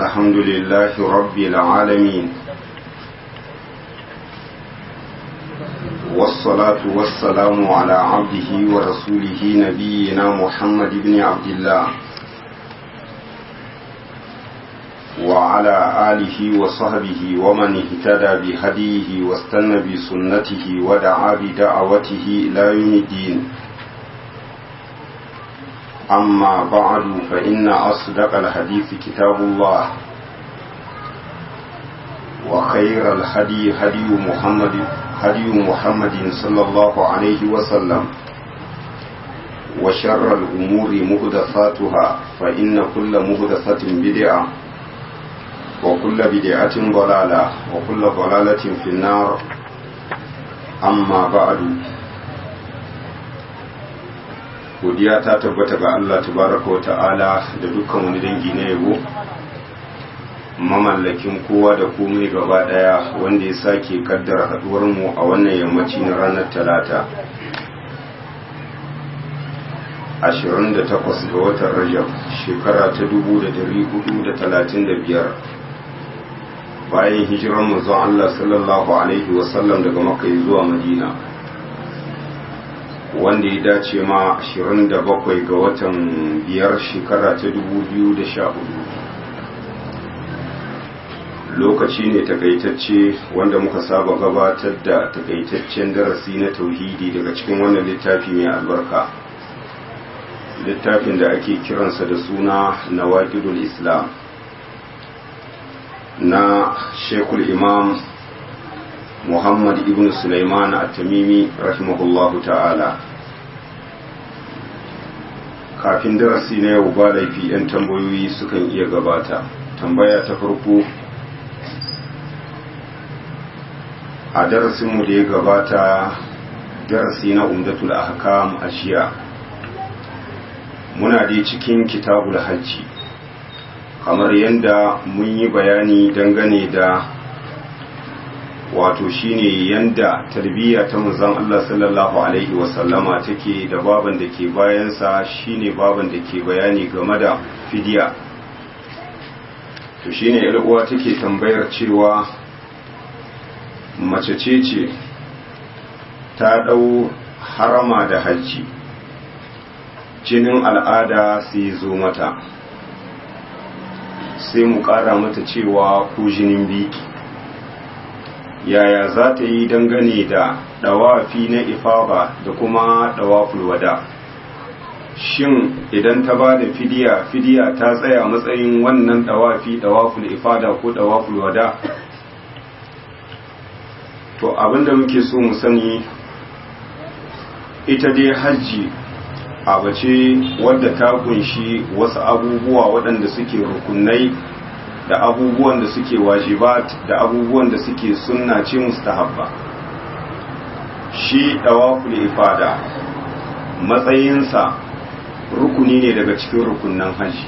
الحمد لله رب العالمين والصلاة والسلام على عبده ورسوله نبينا محمد بن عبد الله وعلى آله وصحبه ومن اهتدى بهديه واستنى بسنته ودعا بدعوته إلى يوم الدين أما بعد فإن أصدق الحديث كتاب الله وخير الهدي هدي محمد هدي محمد صلى الله عليه وسلم وشر الأمور محدثاتها فإن كل محدثة بدعة وكل بدعة ضلالة وكل ضلالة في النار أما بعد godiya ta tabbata ga Allah tabaraka wa ta'ala da dukkan wani dangi na yabo mamallakin kowa da komai gaba daya wanda ya sake kaddara haduwar mu a wannan yammaci na ranar talata 28 ga watan rajab shekara ta 1435 bayan hijirar manzon Allah sallallahu alaihi wasallam daga makai zuwa madina wanda ya dace ma 27 ga watan biyar shekara ta 2014 lokaci ne takaitacce wanda muka saba gabatar da takaitaccen darasi na tauhidi daga cikin wannan littafi mai albarka littafin da ake kiransa da suna nawaqidul islam na shekul imam muhammad ibn sulaiman at-tamimi rahimahullahu ta'ala kafin darasi na yau ba laifi 'yan tambayoyi sukan iya gabata tambaya ta farko a darasinmu da ya gabata darasi na umdatul ahkam a shiya muna dai cikin kitabul hajji kamar yadda mun yi bayani dangane da wato shine yanda tarbiyya ta manzon Allah sallallahu alaihi wasallama take da baban da ke bayansa shine baban da ke bayani game da fidiya to shine yar uwa take tambayar cewa mace ce ce ta dau harama da hajji jinin al'ada sai zo mata sai mu kara mata cewa ko jinin biki yaya za ta yi dangane da ɗawafi na ifaba da kuma dawaful wada shin idan ta ba da fidiya fidiya ta tsaya matsayin wannan dawafi dawaful ifada ko dawaful wada to abinda muke so mu sani ita dai hajji abace wadda ta kunshi wasu abubuwa waɗanda suke rukunai da abubuwan da suke wajibat da abubuwan da suke sunna ce mustahabba shi dawaful ifada matsayinsa rukuni ne daga cikin rukunnan haji.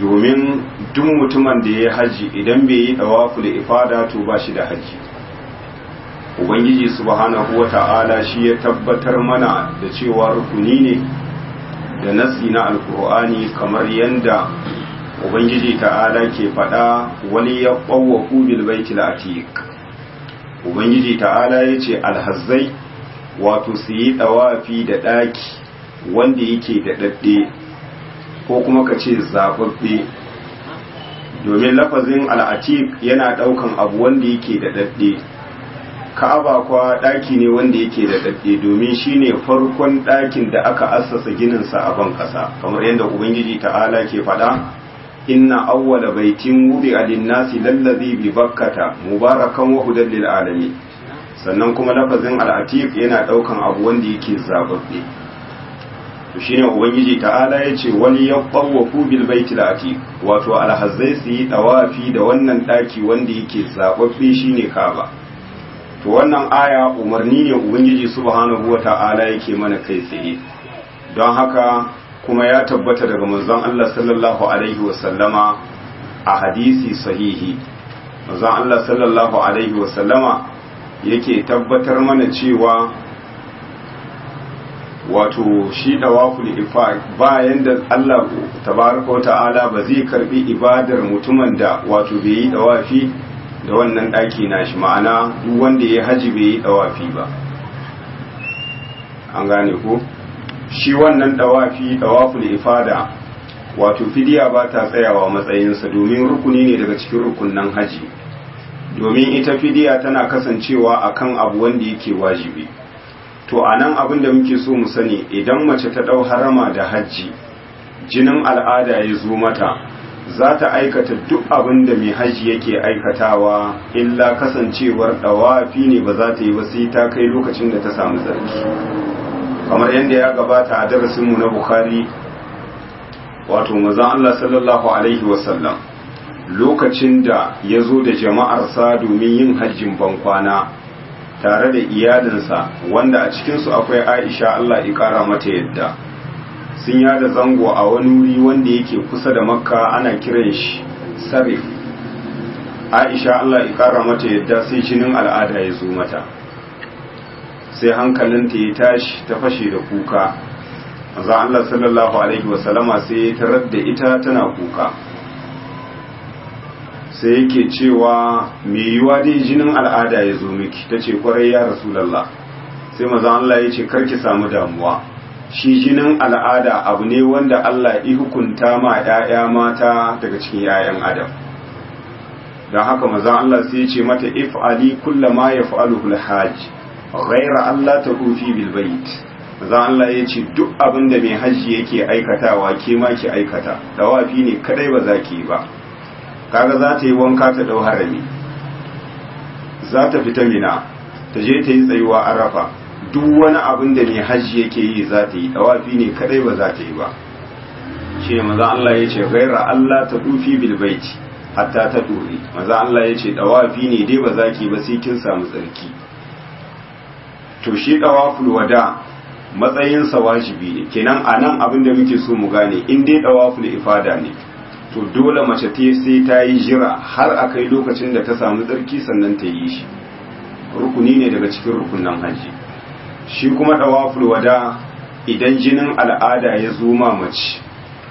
domin duk mutumin da ya yi hajji idan bai yi dawaful ifada to ba shi da haji. ubangiji subhanahu wata'ala shi ya tabbatar mana da cewa rukuni ne da nasi na alkur'ani kamar yadda ubangiji ta'ala ke faɗa wani ya ƙwawa kubil baiti la'atiq ubangiji ta'ala yace ce alhazzai wato su yi ɗawafi da ɗaki wanda yake da ɗaɗɗe ko kuma ka ce zaɓaɓɓe domin lafazin al'atiq yana ɗaukan abu wanda yake da ɗaɗɗe ka'aba kwa ɗaki ne wanda yake da ɗaɗɗe domin shine farkon ɗakin da aka assasa gininsa a ban ƙasa kamar yadda ubangiji ta'ala ke faɗa inna awwala baitin wudi alinnasi lallazi bi bakkata mubarakan wa hudan lil sannan kuma lafazin al'atiq yana daukan abu wanda yake zababbe to shine ubangiji ta'ala yace wani yaqawwafu bil baitil atiq wato alhazzai su yi tawafi da wannan daki wanda yake zababbe shine kaba to wannan aya umarni ne ubangiji subhanahu Ta'ala yake mana kai tsaye don haka kuma ya tabbata daga manzon Allah sallallahu alaihi wasallama a hadisi sahihi manzon Allah sallallahu alaihi wasallama yake tabbatar mana cewa wato shi ifa bayan da Allah tabaraka wa ta'ala ba zai karbi ibadar mutumin da wato bai yi dawafi da wannan daki na shi ma'ana duk wanda ya haji bai yi dawafi ba an gane ko shi wannan tawafi tawaful ifada wato fidiya ba ta tsayawa matsayinsa domin rukuni ne daga cikin rukunnan haji domin ita fidiya tana kasancewa akan abu wanda yake wajibi to a nan abin da muke so mu sani idan mace ta ɗau harama da hajji jinin al'ada ya zo mata za ta aikata duk abin da mai haji yake aikatawa illa kasancewar dawafi ne ba za ta yi ba sai ta kai lokacin da ta samu zarki kamar yadda ya gabata a darasinmu na bukhari wato mazan Allah sallallahu alaihi wasallam lokacin da ya zo da jama'arsa domin yin hajjin bankwana tare da iyalinsa wanda a cikinsu akwai aisha Allah ikara mata yadda sun yada zango a wani wuri wanda yake kusa da makka ana kiran shi sarif aisha Allah ikara mata yadda sai jinin al'ada ya zo mata sai hankalinta ya tashi ta fashe da kuka manzo Allah sallallahu alaihi wasallama sai ya tarar da ita tana kuka sai yake cewa me yiwa dai jinin al'ada ya zo miki ta ce kwarai ya rasulallah sai maza Allah ya ce karki samu damuwa shi jinin al'ada abu ne wanda Allah ya hukunta ma ‘ya'ya mata daga cikin ‘ya'yan Adam. Don haka maza Allah sai ce mata if'ali kulla ma ya fa'aluhul hajji, Raira Allah ta kufi bil bait Allah ya ce duk abinda mai hajji yake aikatawa ke ma ki aikata dawafi ne kadai ba za ki yi ba kaga za ta yi wanka ta dau harami za ta fita mina ta je ta yi tsayuwa arafa duk wani abin da mai hajji yake yi za ta yi dawafi ne kadai ba za ta yi ba shi ne maza Allah ya ce gaira Allah ta dufi bilbaiti hatta ta dori maza Allah ya ce dawafi ne dai ba za ki ba sai kin samu tsarki to shi dawaful wada sa wajibi ne kenan anan abin da muke so mu gane in dai dawaful ifada ne to dole mace ta sai ta yi jira har a kai lokacin da ta samu tsarki sannan ta yi shi rukuni ne daga cikin rukunnan haji shi kuma dawaful wada idan jinin al'ada ya zo ma mace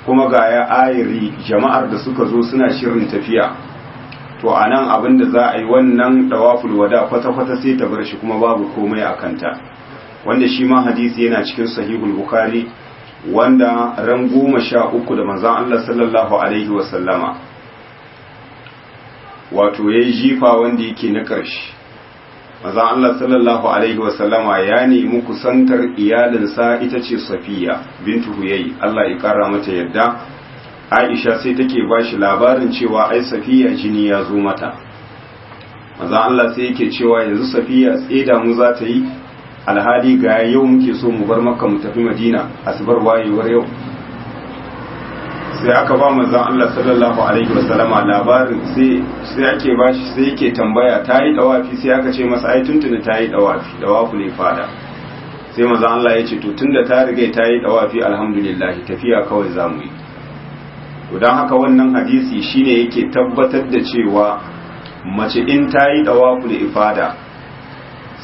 kuma ga ya ayiri jama'ar da suka zo suna shirin tafiya to a nan abin da za a yi wannan dawaful wada kwata-kwata sai ta bar shi kuma babu komai a kanta wanda shi ma hadisi yana cikin sahihul bukhari wanda ran goma sha uku da manzan Allah sallallahu alaihi wasallama wato ya yi jifa wanda yake na ƙarshe manzan Allah sallallahu alaihi wasallama ya nemi kusantar iyalinsa ita ce safiya bintu huyayi Allah ya kara mata yadda aisha sai take ba shi labarin cewa ai safiya jini ya zo mata maza Allah sai yake cewa yanzu safiya tseda mu za ta yi alhali ga yau muke so mu bar maka mu tafi madina asibar wayewar yau sai aka ba maza Allah sallallahu alaihi wasallama labarin sai sai ba bashi sai yake tambaya ta yi dawafi sai aka ce masa ai tuntuni ta yi dawafi dawafi ne fada sai maza Allah ya ce to tunda ta riga ta yi dawafi alhamdulillah tafiya kawai zamu yi don haka wannan hadisi shine yake tabbatar da cewa mace in ta yi dawaful ifada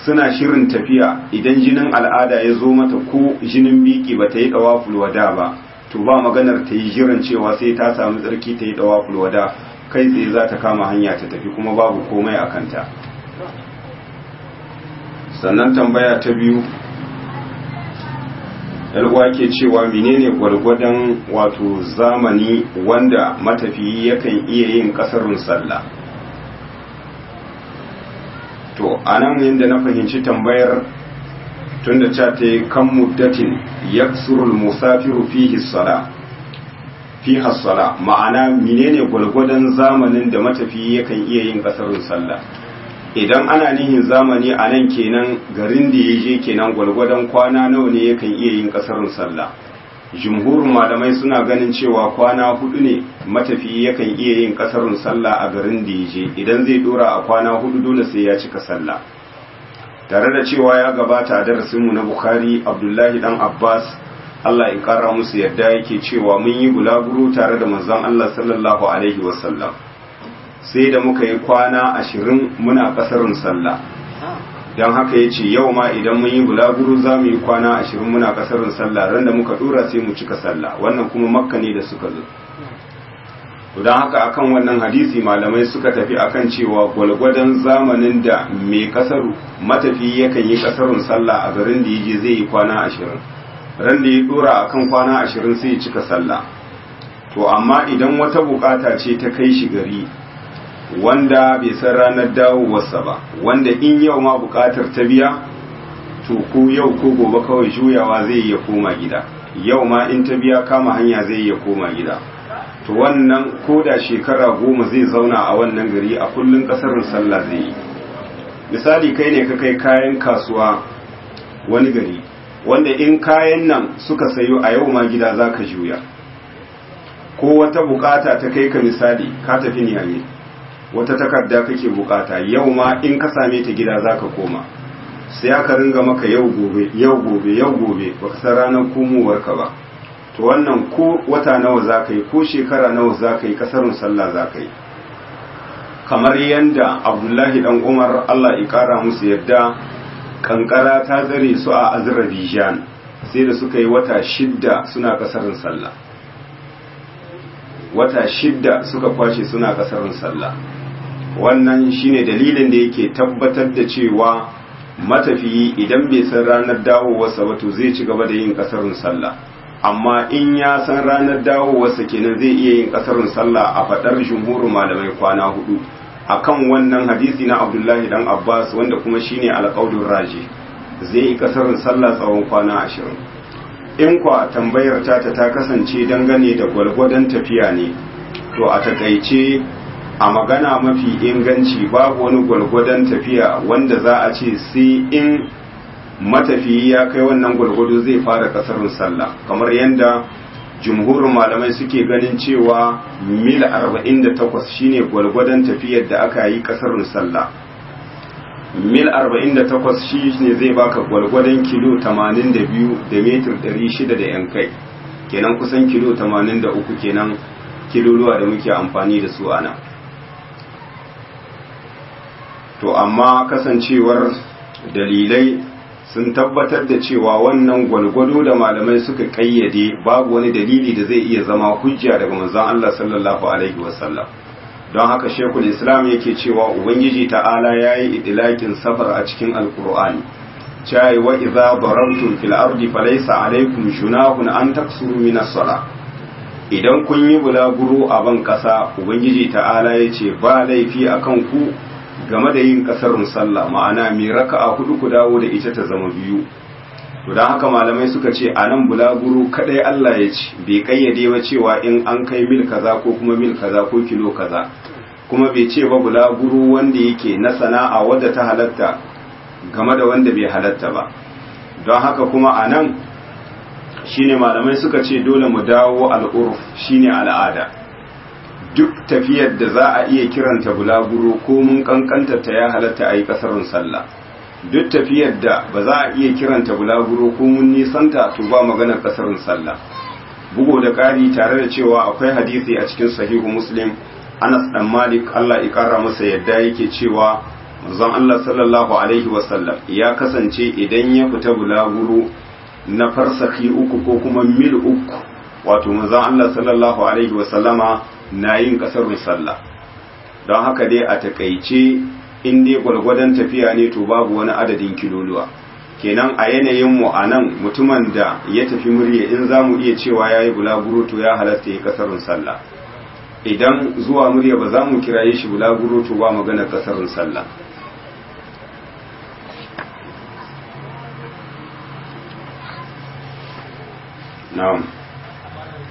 suna shirin tafiya idan jinin al'ada ya zo mata ko jinin biki ba ta yi dawaful wada ba to ba maganar ta yi jiran cewa sai ta sami tsarki ta yi dawaful wada kai tsaye za ta kama hanya ta tafi kuma babu komai a kanta sannan tambaya ta biyu yalwa ke cewa menene gwargwadon wato zamani wanda matafiyi yakan iya yin kasarun sallah to a nan yadda na fahimci tambayar tunda ca ta yi kan muddatin ya surul musafiru fi hassala ma'ana menene gwargwadon zamanin da matafiyi yakan iya yin kasarun sallah idan ana nihin zamani a nan kenan garin da ya je kenan gwalgwadon kwana nawa ne yakan iya yin kasarin sallah jumhurin malamai suna ganin cewa kwana hudu ne matafi yakan iya yin kasarin sallah a garin da ya je idan zai dora a kwana hudu dole sai ya cika sallah tare da cewa ya gabata a darasinmu na bukhari abdullahi dan abbas allah ya kara musu yadda yake cewa mun yi gulaguro tare da manzon allah sallallahu alaihi wasallam sai da muka yi kwana ashirin muna kasarin sallah don haka ya ce yau ma idan mun yi bulaguro za mu yi kwana ashirin muna kasarin sallah randa muka dora sai mu cika sallah wannan kuma makka ne da suka zo don haka akan wannan hadisi malamai suka tafi akan cewa gwalgwadon zamanin da mai kasaru matafi yakan yi kasarun sallah a garin da yaje zai yi kwana ashirin ran da ya dora akan kwana ashirin sai ya cika sallah to amma idan wata bukata ce ta kai shi gari wanda bai san ranar dawowarsa ba wanda in yau ma bukatar ta biya to ko yau ko gobe kawai juyawa zai iya koma gida yau ma in ta biya kama hanya zai iya koma gida to wannan ko da shekara goma zai zauna a wannan gari a kullun kasar sallah zai yi misali kai ne ka kai kayan kasuwa wani gari wanda in kayan nan suka sayo a yau ma gida za ka juya ko wata bukata ta kai ka misali ka tafi niyami wata takarda kake bukata yau ma in ka same ta gida zaka koma sai aka ringa maka yau gobe yau gobe yau gobe baka san ranar ka ba to wannan ko wata nawa zaka yi ko shekara nawa zaka yi kasarun sallah zaka yi kamar yanda abdullahi dan umar allah ya kara musu yadda kankara ta zare su a azrabijan sai da suka yi wata shidda suna kasarun sallah wata shidda suka kwashe suna kasarun sallah wannan shine dalilin da yake tabbatar da cewa matafiyi idan bai san ranar dawowarsa ba to zai ci gaba da yin kasarun sallah amma in ya san ranar dawowarsa kenan zai iya yin kasarun sallah a fadar jumhurin malamai kwana hudu akan wannan hadisi na Abdullahi dan Abbas wanda kuma shine alƙaudin raji zai yi kasarun sallah tsawon kwana ashirin in kwa tambayar ta ta kasance dangane da gwalgwadon tafiya ne to a takaice a magana mafi inganci babu wani gwargwadon tafiya wanda za a ce sai in matafiyi ya kai wannan gwargwado zai fara kasarun sallah kamar yadda jumhurin malamai suke ganin cewa mil 48 shine gwargwadon tafiyar da aka yi kasarun sallah mil 48 shi ne zai baka gwargwadon kilo 82 da metr 600 da yan kai kenan kusan kilo 83 kenan kiloluwa da muke amfani da su a nan to amma kasancewar dalilai sun tabbatar da cewa wannan gwalgwado da malamai suka kayyade babu wani dalili da zai iya zama hujja daga manzon Allah sallallahu alaihi wasallam don haka shekul islam yake cewa ubangiji ta'ala yayi idlakin safar a cikin alqur'ani chai wa idza darabtum fil ardi falaysa alaykum junahun an taksuru min as idan kun yi bulaguro a ban kasa ubangiji ta'ala yace ba laifi akan ku game da yin kasar sallah ma'ana mai raka'a hudu ku dawo da ita ta zama biyu to don haka malamai suka ce a nan bulaguro kadai Allah ya ci bai kayyade ba cewa in an kai mil kaza ko kuma mil kaza ko kilo kaza kuma bai ce ba bulaguro wanda yake na sana'a wadda ta halatta game da wanda bai halatta ba don haka kuma a nan shine malamai suka ce dole mu dawo al'urf shine al'ada duk tafiyar da za a iya kiranta bulaguro ko mun kankanta ta ya halatta a yi kasarun sallah duk tafiyar da ba za a iya kiranta bulaguro ko mun nisanta to ba maganar kasarun salla. bugu da ƙari tare da cewa akwai hadisi a cikin sahihu muslim anas dan malik allah ya ƙara masa yadda yake cewa manzon allah sallallahu alaihi wasallam ya kasance idan ya fita bulaguro na farsaki uku ko kuma mil uku wato manzon allah sallallahu alaihi wasallama na yin kasar sallah don haka dai a takaice in dai gwargwadon tafiya ne to babu wani adadin kiloluwa kenan a yanayin mu a nan mutumin da ya tafi murya in za mu iya cewa ya yi bulaguro to ya halatta ya ƙasar sallah idan zuwa murya ba za mu kira kiraye shi bulaguro to ba magana ƙasar sallah na'am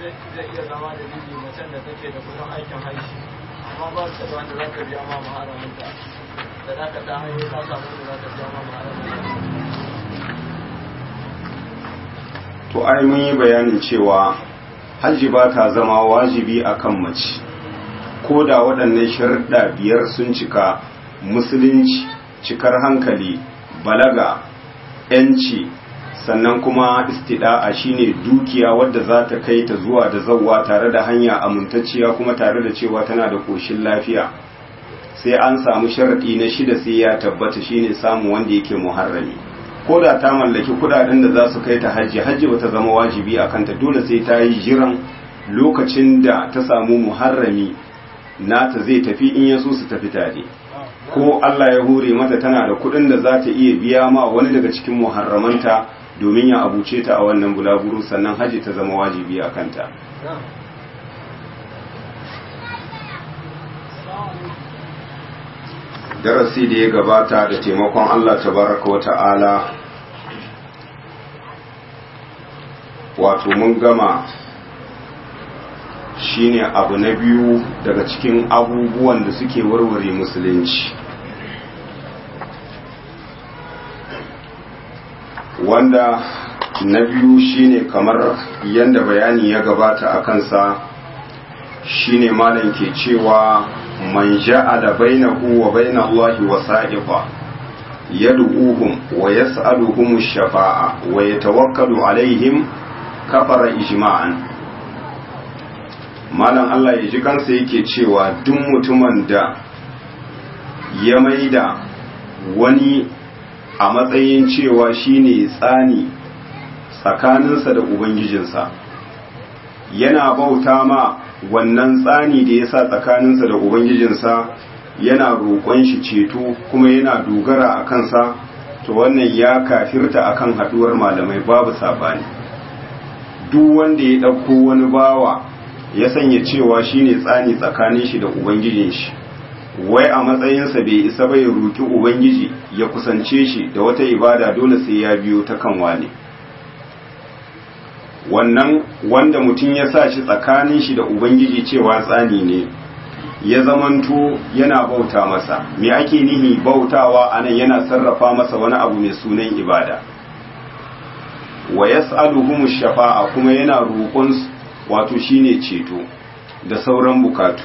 zai iya zama da matan da take da kudin aikin haishi amma ba su da wanda za ka biya ma maharaminta da za ka ta hanyar ta samu da za ka biya ma maharaminta to ai mun yi bayanin cewa hajji ba ta zama wajibi akan mace ko da waɗannan sharuɗa biyar sun cika musulunci cikar hankali balaga 'yanci sannan kuma istida'a shine dukiya wadda za ta kai ta zuwa da zawwa tare da hanya amintacciya kuma tare da cewa tana da koshin lafiya sai an samu sharadi na shida sai ya tabbata shine samu wanda yake muharrami ko da ta mallaki kudaden da za su kai ta hajji hajji ba ta zama wajibi a kanta dole sai ta yi jiran lokacin da ta samu muharrami nata zai tafi in ya so su tafi tare ko Allah ya hure mata tana da kudin da za ta iya biya ma wani daga cikin muharramanta domin ya abuce ta a wannan bulaguro sannan haji ta zama wajibi a kanta darasi da ya gabata da taimakon Allah Ta baraka wa ta'ala wato mun gama shine abu na biyu daga cikin abubuwan da suke warware musulunci wanda na biyu shine kamar yadda bayani ya gabata a kansa shine malam ke cewa man da bainahu wa bainallahi wasa'iqa yad'uhum wa yas'aluhum ash-shafa'a wa yatawakkalu alaihim kafara ijma'an malam Allah ya ji kansa yake cewa duk mutumin da ya maida wani a matsayin cewa shine tsani tsakaninsa da ubangijinsa yana bauta ma wannan tsani da ya sa tsakaninsa da ubangijinsa yana roƙon shi ceto kuma yana dogara a kansa to wannan ya kafirta akan haɗuwar malamai babu sabani duk wanda ya ɗauko wani bawa ya sanya cewa shine tsani tsakanin shi da ubangijin shi wai a matsayinsa bai isa bai roki ubangiji ya kusance shi da wata ibada dole sai ya biyo ta kan wani wannan wanda mutum ya sa shi tsakanin shi da ubangiji cewa tsani ne ya zamanto yana bauta masa me ake nihi bautawa anan yana sarrafa masa wani abu mai sunan ibada wa yas'aluhum shafa'a kuma yana roƙon wato shine ceto da sauran bukatu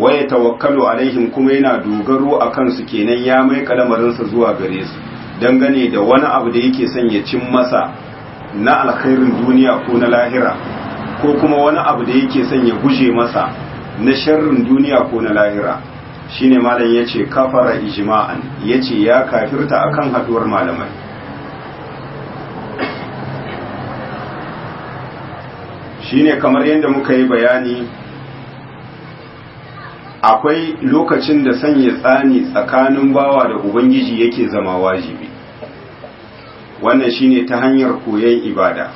waya tawakkalu alaihim kuma yana dogaro a kansu kenan ya mai kalamarinsa zuwa gare su dangane da wani abu da yake son ya cin masa na alkhairin duniya ko na lahira ko kuma wani abu da yake son ya guje masa na sharrin duniya ko na lahira shine malam yace kafara ijma'an yace ya kafirta akan haduwar malamai shine kamar yadda muka yi bayani akwai lokacin da sanya tsani tsakanin bawa da ubangiji yake zama wajibi wannan shine ta hanyar koyon ibada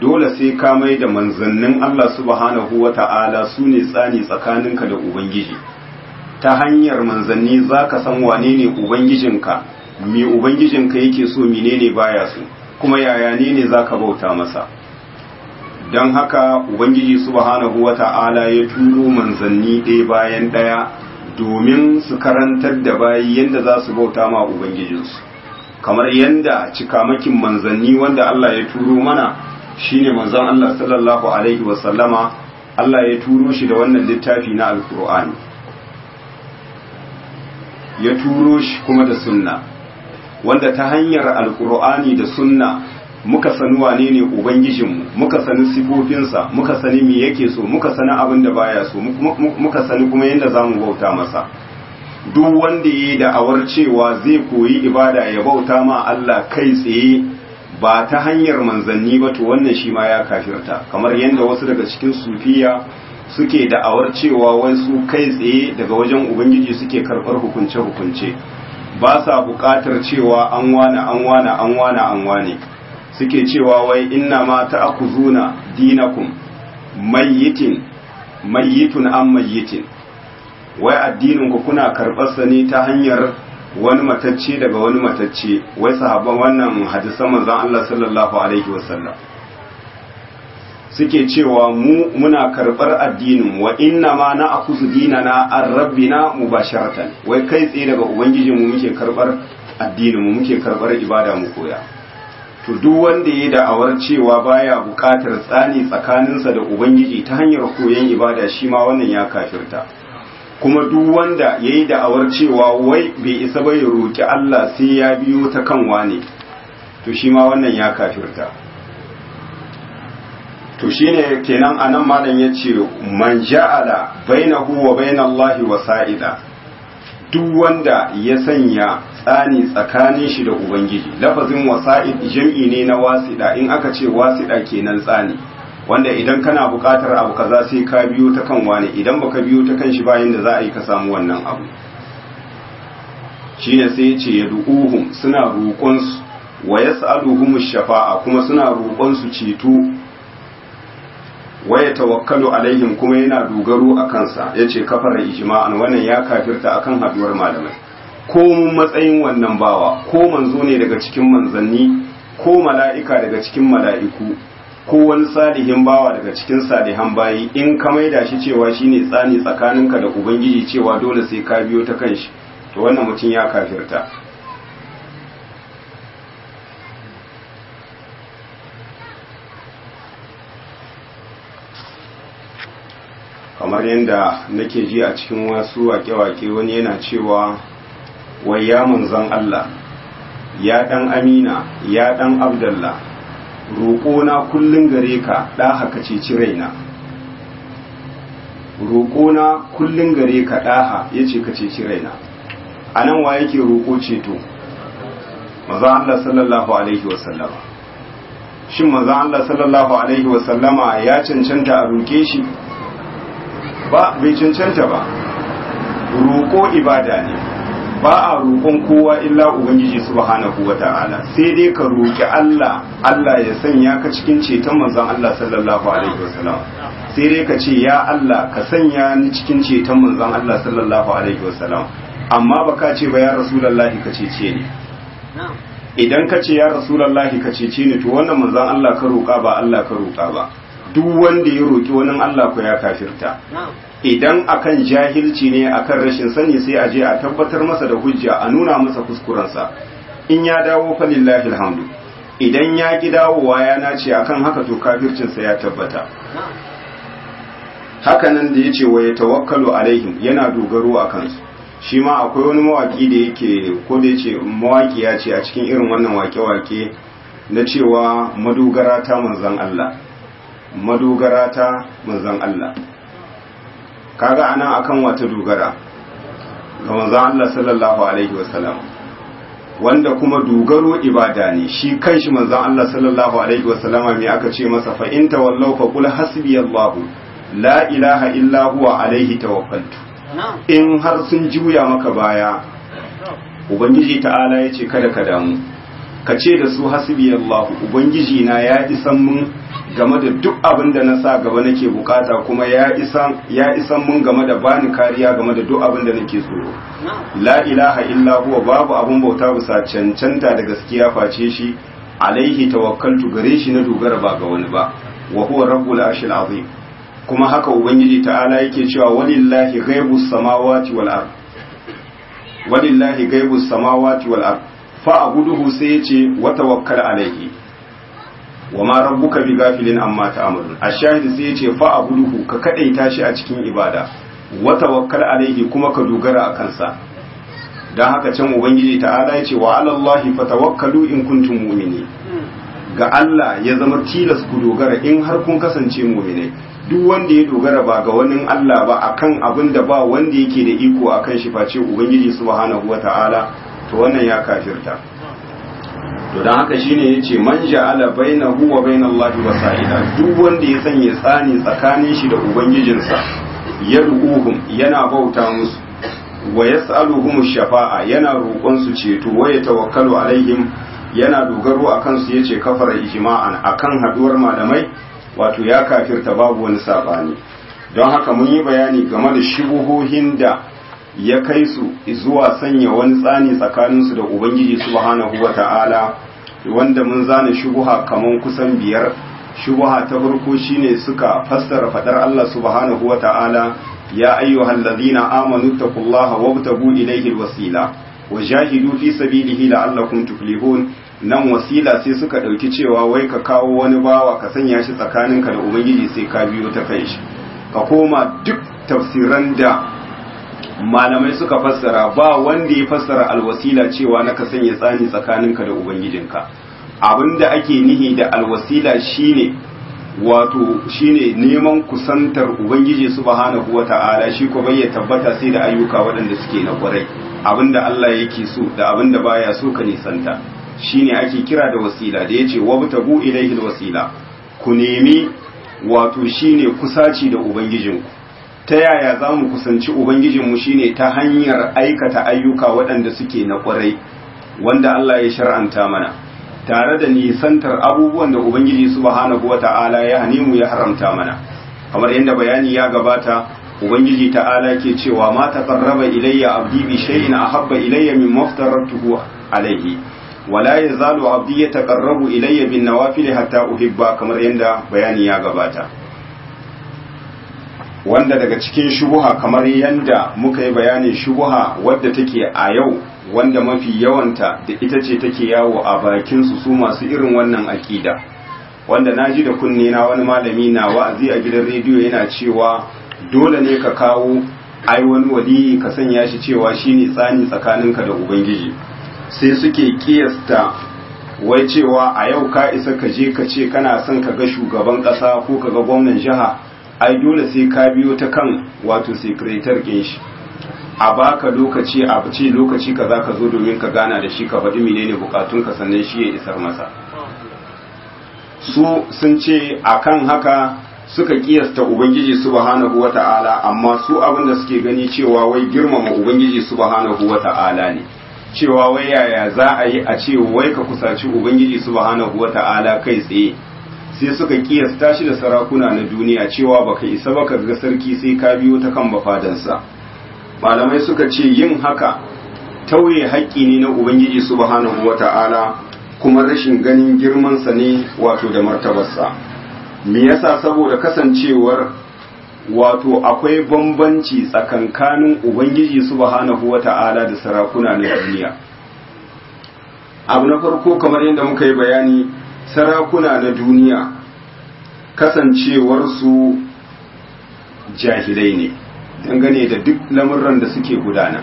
dole sai ka mai da manzannin Allah subhanahu wata'ala su ne tsani tsakaninka da ubangiji ta hanyar manzanni za ka san wane ne ubangijinka me ubangijinka yake so menene baya su? kuma yaya ne ne za ka bauta masa don haka ubangiji subhanahu wata'ala ya turo manzanni ɗaya bayan ɗaya domin su karantar da bayi yadda za su bauta ma ubangijinsu kamar yadda cikamakin manzanni wanda Allah ya turo mana shine manzon Allah sallallahu alaihi wasallama Allah ya turo shi da wannan littafi na alkur'ani ya turo shi kuma da sunna wanda ta hanyar alkur'ani da sunna muka sani wane ne ubangijinmu muka sani sifofinsa muka sani me yake so muka sani abin da baya so muka sani kuma yadda zamu bauta masa duk wanda ya yi da'awar cewa zai koyi ibada ya bauta ma Allah kai tsaye ba ta hanyar manzanni ba to wannan shi ma ya kafirta kamar yadda wasu daga cikin sufiya suke da'awar cewa wasu kai tsaye daga wajen ubangiji suke karɓar hukunce-hukunce ba sa buƙatar cewa an wane an wane an wane an wane suke cewa wai inna ma ta'khuzuna dinakum mayyitin mayyitun am mayyitin wai addinin ku kuna karɓar sa ne ta hanyar wani matacce daga wani matacce wai sahabban wannan hadisan manzon Allah sallallahu alaihi wasallam suke cewa mu muna karɓar addinin wa inna ma na akusu dinana an rabbina mubasharatan wai kai tsaye daga ubangijinmu muke karɓar addinin mu muke karɓar ibada mu koya to duk wanda ya da'awar cewa baya buƙatar tsani tsakaninsa da ubangiji ta hanyar koyon ibada shi ma wannan ya kafirta kuma duk wanda ya yi da'awar cewa wai bai isa ba ya roƙi Allah sai ya biyo ta kanwa ne to shi ma wannan ya kafirta to shine kenan anan malam ya ce man ja'ala bainahu wa bainallahi wasa'ida duk wanda ya sanya tsani tsakanin shi da ubangiji lafazin wasa'id jam'i ne na wasida in aka ce wasida kenan tsani wanda idan kana buƙatar abu kaza sai ka biyo ta kan wani idan baka biyo ta kan shi bayan da za a yi ka samu wannan abu shine sai ya ce ya suna roƙon su wa yas'aluhum shafa'a kuma suna roƙon su ceto waya tawakkalu alaihim kuma yana dogaro a kansa yace kafara ijma'an wannan ya kafirta akan haduwar malamai ko mun matsayin wannan bawa ko manzo ne daga cikin manzanni ko mala'ika daga cikin mala'iku ko wani salihin bawa daga cikin salihan bayi in ka maida shi cewa shine tsani tsakaninka da ubangiji cewa dole sai ka biyo ta kanshi to wannan mutum ya kafirta kamar yadda nake ji a cikin wasu wake-wake wani yana cewa wai ya munzan Allah ya ɗan amina ya ɗan abdallah roƙona kullum gare ka ɗa haka ceci raina roƙona kullum gare ka ɗaha ya ce ka ceci raina a nan wa yake roƙo ceto maza Allah sallallahu alaihi wasallama shin maza Allah sallallahu alaihi wasallama ya cancanta a roƙe shi ba bai cancanta ba roƙo ibada ne ba a roƙon kowa illa ubangiji subhanahu ta'ala sai dai ka roƙi Allah Allah ya sanya ka cikin ceton manzon Allah sallallahu alaihi wasallam sai dai ka ce ya Allah ka sanya ni cikin ceton manzon Allah sallallahu alaihi wasallam amma baka ce ba ya rasulullahi ka cece ni idan ka ce ya rasulullahi ka cece ni to wannan manzon Allah ka roƙa ba Allah ka roƙa ba duk wanda ya roƙi wani Allah ko ya kafirta idan akan jahilci ne akan rashin sani sai a je a tabbatar masa da hujja a nuna masa kuskurensa in ya dawo lillahi alhamdu idan ya ki dawowa ya nace akan haka to kafircinsa ya tabbata Haka nan da ya ce wa ya tawakkalu alaihim yana dogaro a kansu shi ma akwai wani mawaki da yake ko da yace mawaki ya ce a cikin irin wannan wake-wake na cewa madogara ta manzon Allah madogara ta manzon Allah kaga anan akan wata dogara ga manzo Allah sallallahu alaihi wasallam wanda kuma dogaro ibada ne shi kanshi manzo Allah sallallahu alaihi wasallama me aka ce masa fa in tawallaw fa qul hasbiyallahu la ilaha illa huwa alaihi tawakkaltu in har sun juya maka baya ubangiji ta'ala yace kada ka damu ka ce da su hasibi Allah ubangiji na ya isan mun game da duk abin da na sa gaba nake bukata kuma ya isan ya isan mun game da bani kariya game da duk abin da nake tsoro la ilaha illa huwa babu abin bauta bisa cancanta da gaskiya face shi alaihi tawakkaltu gare shi na dogara ba ga wani ba wa huwa rabbul arshil azim kuma haka ubangiji ta'ala yake cewa walillahi ghaibus samawati wal ard walillahi ghaibus samawati wal ard guduhu sai ce wata wakar alaihi wa ma rabbuka bi gafilin amma ta'malun a shahidu sai fa'a guduhu ka kaɗai tashi a cikin ibada wata wakar alaihi kuma ka dogara a kansa. don haka can ubangiji ta'ala ce, wa fa allahi fatawakkalu in kuntum mumini ga Allah ya zama tilas ku dogara in har kun kasance mu'minai duk wanda ya dogara ba ga wani Allah ba akan abin da ba wanda yake da iko akan shi face ubangiji subhanahu wataala to wannan ya kafirta to don haka shine yace man ja'ala bainahu wa bainallahi wasa'ida duk wanda ya sanya tsani tsakanin shi da ubangijinsa ya yad'uhum yana bauta musu wa yas'aluhum shafa'a yana roƙon su ceto wa yatawakkalu alaihim yana dogaro akan su yace kafara ijma'an akan haduwar malamai wato ya kafirta babu wani sabani don haka mun yi bayani game da shubuhohin da ya kai su zuwa sanya wani tsani tsakaninsu da ubangiji subhanahu wa ta'ala wanda mun zana shubuha kaman kusan biyar shubuha ta farko shine suka fassara fadar Allah subhanahu wa ta'ala ya ayyuhal ladhina amanu taqullaha wabtagu ilayhi alwasila wajahidu fi sabilihi la'allakum tuflihun nan wasila sai suka ɗauki cewa wai ka kawo wani bawa ka sanya shi tsakaninka da ubangiji sai ka biyo ta kai shi ka koma duk tafsiran da malamai suka fassara ba wanda ya fassara alwasila cewa na ka sanya tsani tsakaninka da ubangijinka abinda ake nihi da alwasila shine wato shine neman kusantar ubangiji subhanahu wata'ala shi ko bai tabbata sai da ayyuka waɗanda suke na kwarai abinda Allah yake so da abinda baya so ka nisanta shine ake kira da wasila da yace wabtagu ilaihi alwasila ku nemi wato shine kusaci da ubangijinku ta yaya za mu kusanci Ubangijin ubangijinmu shine ta hanyar aikata ayyuka waɗanda suke na ƙwarai wanda Allah ya shar'anta mana tare da nisantar abubuwan da ubangiji subhanahu ta'ala ya hanimu ya haramta mana kamar yadda bayani ya gabata ubangiji ta'ala ke cewa ma taqarraba ilayya abdi bi shay'in ahabba ilayya min maftaratuhu alayhi wala yazalu abdi yataqarrabu ilayya bin nawafil hatta uhibba kamar yadda bayani ya gabata wanda daga cikin shubuha kamar yadda muka yi bayani shubuha wadda take a yau wanda mafi yawanta da ita ce take yawo a bakin su masu irin wannan aƙida wanda na ji da kunne na wani malami na wa'azi a gidan rediyo yana cewa dole ne ka kawo ai wani wali ka sanya shi cewa shine tsani tsakaninka da ubangiji sai suke kiyasta wai cewa a yau ka isa ka je ka ce kana son ka ga shugaban ƙasa ko ka ga gwamnan jiha ai dole sai ka biyo ta kan wato sekretar ɗin a baka lokaci a ce lokaci ka za ka zo domin ka gana da shi ka faɗi menene bukatun ka sannan shi ya isar masa su sun ce akan haka suka kiyasta ubangiji subhanahu wata'ala amma su abin da suke gani cewa wai girmama ubangiji subhanahu wata'ala ne cewa wai yaya za a yi a ce wai ka kusaci ubangiji subhanahu wata'ala kai tsaye sai suka kiyasta shi da sarakuna na duniya cewa baka isa ba ka ga sarki sai ka biyo ta kan bafadansa malamai suka ce yin haka tauye haƙƙi ne na ubangiji subhanahu wata'ala kuma rashin ganin girmansa ne wato da martabarsa me yasa saboda kasancewar wato akwai bambanci tsakankanin ubangiji subhanahu wata'ala da sarakuna na duniya abu na farko kamar yadda muka yi bayani sarakuna na duniya kasancewarsu jahilai ne dangane da duk lamurran da suke gudana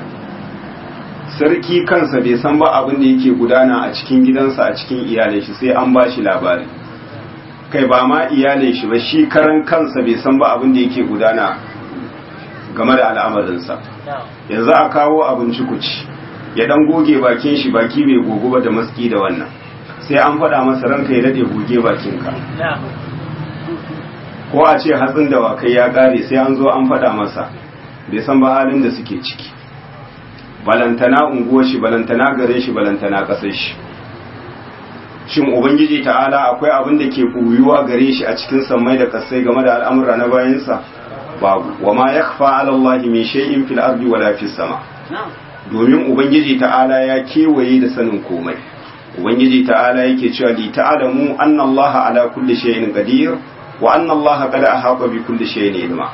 sarki kansa bai san ba abin da yake gudana a cikin gidansa a cikin iyalai shi sai an ba shi labari kai ba ma iyalai shi ba shi karan kansa bai san ba abin da yake gudana game da al'amarinsa yanzu a kawo abinci kuci ya dan goge bakin shi baki bai gogo ba da maski da wannan sai an faɗa masa ranka ya daɗe goge bakinka ko a ce hatsin da wakai ya ƙare sai an zo an faɗa masa bai san ba halin da suke ciki balantana unguwar shi balantana gare shi balantana ƙasar shi shin ubangiji ta'ala akwai abin da ke ɓuyuwa gare shi a cikin sammai da kassai game da al'amura na bayansa babu wa ma yakhfa 'ala Allah min shay'in fil ardi wala fis sama domin ubangiji ta'ala ya kewaye da sanin komai ubangiji ta'ala yake cewa li ta'lamu anna Allah ala kulli shay'in qadir wa anna Allah qad ahata bi kulli shay'in ilma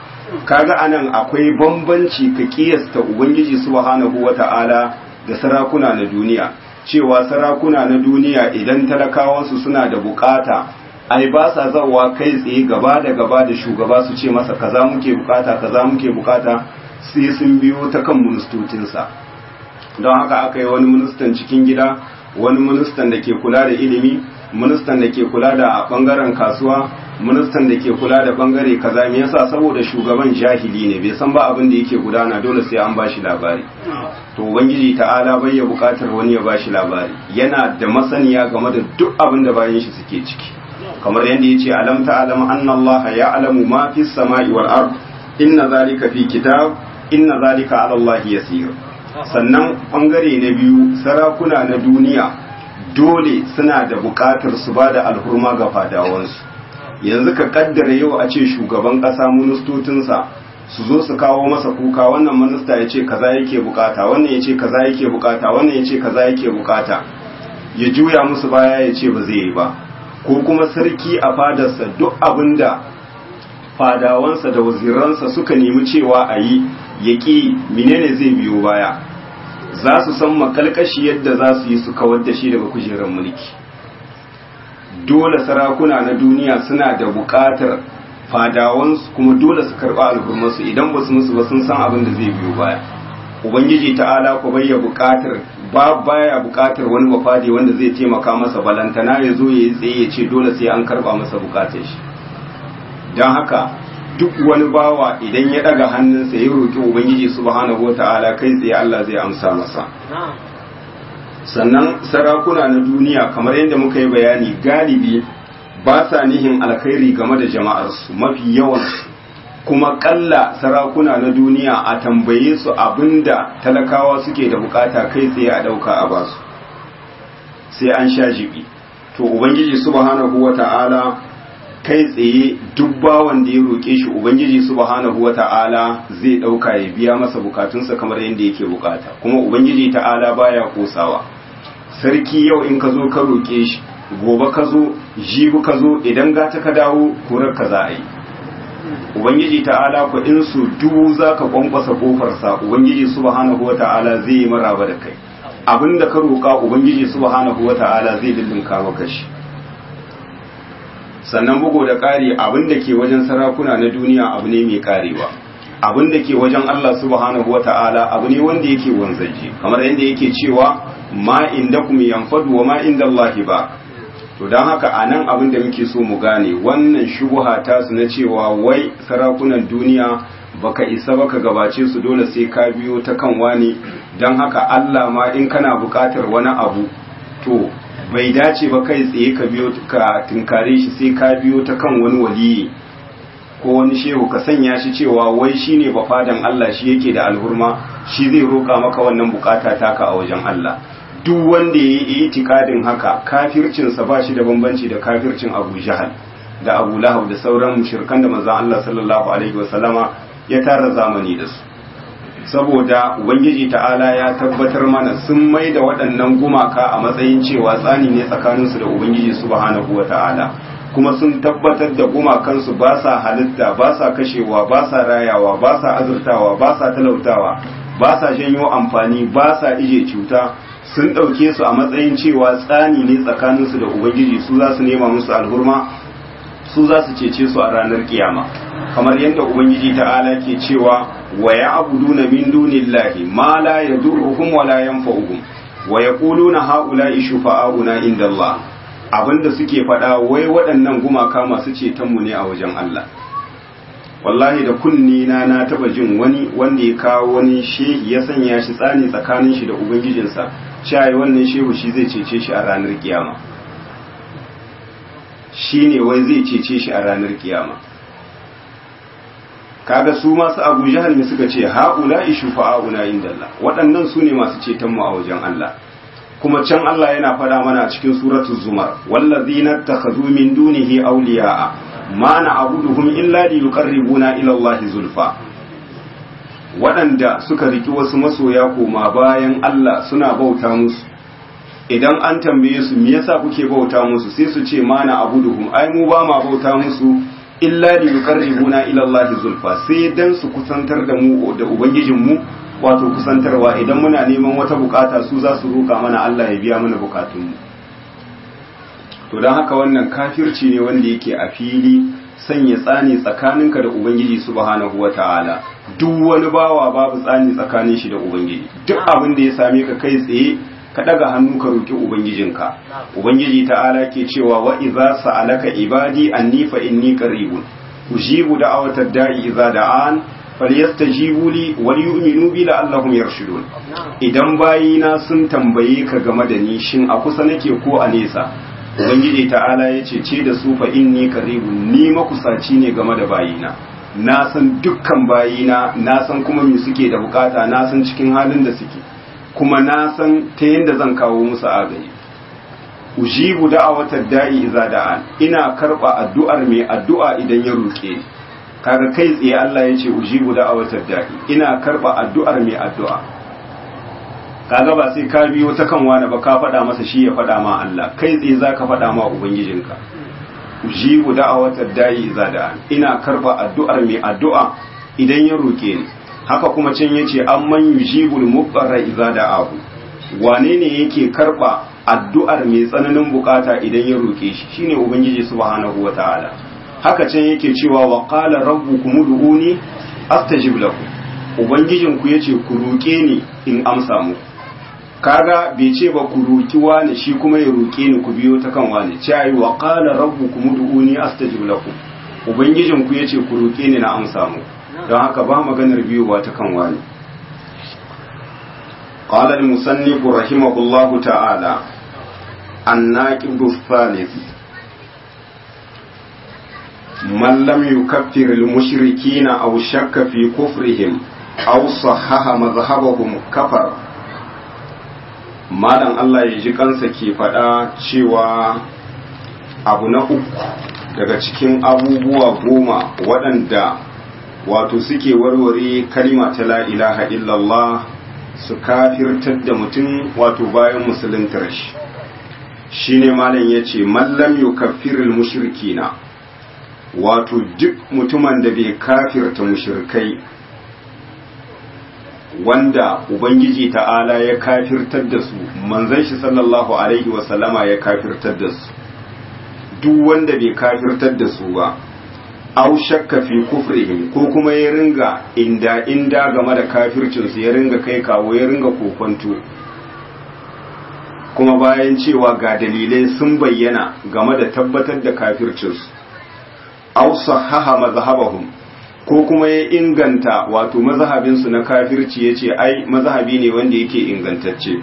kaga anan akwai bambanci ka kiyasta ubangiji subhanahu ta'ala da sarakuna na duniya cewa sarakuna na duniya idan talakawansu suna da bukata ai ba sa zawa kai tsaye gaba da gaba da shugaba su ce masa kaza muke bukata kaza muke bukata sai sun biyo ta kan ministocinsa don haka aka yi wani ministan cikin gida wani ministan da ke kula da ilimi ministan da ke kula da ɓangaren kasuwa ministan da ke kula da ɓangare kaza me yasa saboda shugaban jahili ne bai san ba abin da yake gudana dole sai an bashi labari to ubangiji ta'ala bai ya bukatar wani ya bashi labari yana da masaniya game da duk abin da bayan shi suke ciki kamar yadda yace alam ta'lamu anna allah ya'lamu ma fis sama'i wal ard inna zalika fi kitab inna zalika ala allah yasir sannan ɓangare na biyu sarakuna na duniya dole suna da buƙatar su ba da alhurma ga fadawansu yanzu ka kaddara yau a ce shugaban ƙasa ministocinsa su zo su kawo masa kuka wannan minista ya ce kaza yake bukata wannan ya ce kaza yake bukata wannan ya ce kaza yake bukata ya juya musu baya ya ce ba zai yi ba ko kuma sarki a fadarsa duk abinda fadawansa da waziransa suka nemi cewa a yi yaki menene zai biyo baya za su san makalkashi yadda za su yi su kawar da shi daga kujerar mulki dole sarakuna na duniya suna da bukatar fadawansu kuma dole su karɓa alhurmarsu idan ba su musu ba sun san abin da zai biyo baya ubangiji ala ku bayya bukatar ba baya bukatar wani mafadi wanda zai taimaka masa balantana ya zo ya yi tsaye ya ce dole sai an karɓa masa bukatar shi don haka duk wani bawa idan ya daga hannunsa ya roƙi ubangiji subhanahu wataala kai tsaye Allah zai amsa masa sannan sarakuna na duniya kamar yadda muka yi bayani galibi ba sa nihin alkhairi game da jama'arsu mafi yawan kuma kalla sarakuna na duniya a tambaye su abinda talakawa suke da bukata kai tsaye a dauka a basu sai an sha jibi to ubangiji subhanahu wata'ala kai tsaye duk bawan da ya roƙe shi ubangiji subhanahu wata'ala zai ɗauka ya biya masa bukatunsa kamar yadda yake bukata kuma ubangiji ta'ala baya kosawa sarki yau in ka zo ka roƙe shi gobe ka zo jibi ka zo idan gata ka dawo kurar ka za a yi ubangiji ta'ala ku in su dubu za ka kwankwasa kofarsa ubangiji subhanahu wata'ala zai yi maraba da kai abinda ka roƙa ubangiji subhanahu wata'ala zai dindin kawo shi sannan bugu da ƙari abin da ke wajen sarakuna na duniya abu ne mai karewa abin da ke wajen Allah subhanahu wa ta'ala abu ne wanda yake wanzaji kamar yadda yake cewa ma inda kuma yanfadu wa ma inda Allah ba to don haka a nan abin da muke so mu gane wannan shubuha ta su na cewa wai sarakunan duniya baka isa ba ka gabace su dole sai ka biyo ta kan wani don haka Allah ma in kana bukatar wani abu to bai dace ba kai tsaye ka biyo ka tinkare shi sai ka biyo ta kan wani waliyi ko wani shehu ka sanya shi cewa wai shine fadan Allah shi yake da alhurma shi zai roka maka wannan bukata taka a wajen Allah duk wanda ya yi itikadin haka kafircinsa ba shi da bambanci da kafircin Abu Jahal da Abu Lahab da sauran mushrikan da manzon Allah sallallahu alaihi wasallama ya tara zamani da su saboda ubangiji ta'ala ya tabbatar mana sun mai da waɗannan gumaka a matsayin cewa tsani ne tsakaninsu da ubangiji subhanahu wa ta'ala kuma sun tabbatar da gumakansu ba sa halitta ba sa kashewa ba sa rayawa ba sa azurtawa ba sa talautawa ba sa janyo amfani ba sa ije cuta sun ɗauke su a matsayin cewa tsani ne tsakaninsu da ubangiji su za su nema musu alhurma su za su cece su a ranar kiyama kamar yadda ubangiji ta'ala ke cewa wa na min dunillahi ma la yadurruhum wa la yanfa'uhum wa yaquluna ha'ula'i shufa'auna inda Allah abinda suke faɗa wai waɗannan gumaka masu ceton mu ne a wajen Allah wallahi da kunni na na taba jin wani wanda ya kawo wani shehi ya sanya shi tsani tsakanin shi da ubangijinsa cewa wannan shehu shi zai cece shi a ranar kiyama Shi ne wai zai cece shi a ranar kiyama kaga su masu abu jahal ne suka ce haula ishufa'una inda Allah waɗannan su ne masu ceton mu a wajen Allah kuma can Allah yana faɗa mana cikin suratu zumar wallazina takhazu min dunihi a ma na'buduhum illa liyuqarribuna ila Allah zulfa waɗanda suka riki wasu masoya koma bayan Allah suna bauta musu idan an tambaye su me yasa kuke bauta musu sai su ce mana abuduhum ai mu ba ma bauta musu illa li yuqarribuna ila Allah zulfa sai dan su kusantar da mu da ubangijin mu wato kusantarwa idan muna neman wata bukata su za su roka mana Allah ya biya mana bukatun mu to dan haka wannan kafirci ne wanda yake a fili sanya tsani tsakaninka da ubangiji subhanahu wataala duk wani bawa babu tsani tsakanin shi da ubangiji duk abin da ya same ka kai tsaye ka daga hannu ka roki ubangijinka ubangiji ta'ala ke cewa wa idza sa'alaka ibadi anni fa inni qaribun ujibu da'awata da'i idza da'an falyastajibu li wa yu'minu bi la'allahum yarshudun idan bayina sun tambaye ka game da ni shin a kusa nake ko a nesa ubangiji ta'ala yace ce ce da su fa inni qaribun ni makusaci ne game da bayina na san dukkan bayina na san kuma me suke da bukata na san cikin halin da suke kuma na san ta yadda zan kawo musu agaji ujibu wata da'i iza da'an ina karɓa addu'ar mai addu'a idan ya roƙe kaga kai tsaye Allah ya ce ujibu wata da'i ina karɓa addu'ar mai addu'a kaga ba sai ka biyo ta kan wani ba ka faɗa masa shi ya faɗa ma Allah kai tsaye za ka faɗa ma ubangijinka ujibu wata da'i iza da'an ina karɓa addu'ar mai addu'a idan ya roƙe ni haka kuma can yace amman yujibul muqarra idza da'ahu wane ne yake karba addu'ar mai tsananin bukata idan ya roke shi shine ubangiji subhanahu wataala haka can yake cewa wa qala rabbukum ud'uni astajib lakum ubangijin ku yace ku roke ni in amsa muku kaga bai ce ba ku roki wani shi kuma ya roke ni ku biyo ta kan wani ayi wa qala rabbukum ud'uni astajib lakum ubangijin ku yace ku roke ni na amsa muku don haka ba maganar biyu ba ta kan wani ƙwalar musanni ku rahimahullahu ta'ala an naƙi bufanezi mallam yi kafin na au shakka fi kufrihim au sahaha mazhabahum kafar malam allah ya ji kansa ke faɗa cewa abu na uku daga cikin abubuwa goma waɗanda wato suke warware kalima ta la ilaha illallah su kafirtar da mutum wato bayan musuluntar shi shine malam ce mallam yau mushirki na wato duk mutumin da bai kafirta mushrikai wanda ubangiji ta'ala ya kafirtar da su manzan shi sallallahu alaihi wasallama ya kafirtar da su duk wanda bai kafirtar da su ba aw shakka fi kufrihi ko kuma ya ringa inda inda game da kafircinsu ya ringa kai kawo ya ringa kokonto kuma bayan cewa ga dalilai sun bayyana game da tabbatar da kafircinsu aw sahaha mazhabahum ko kuma ya inganta wato mazhabinsu na kafirci yace ai mazhabi ne wanda yake ingantacce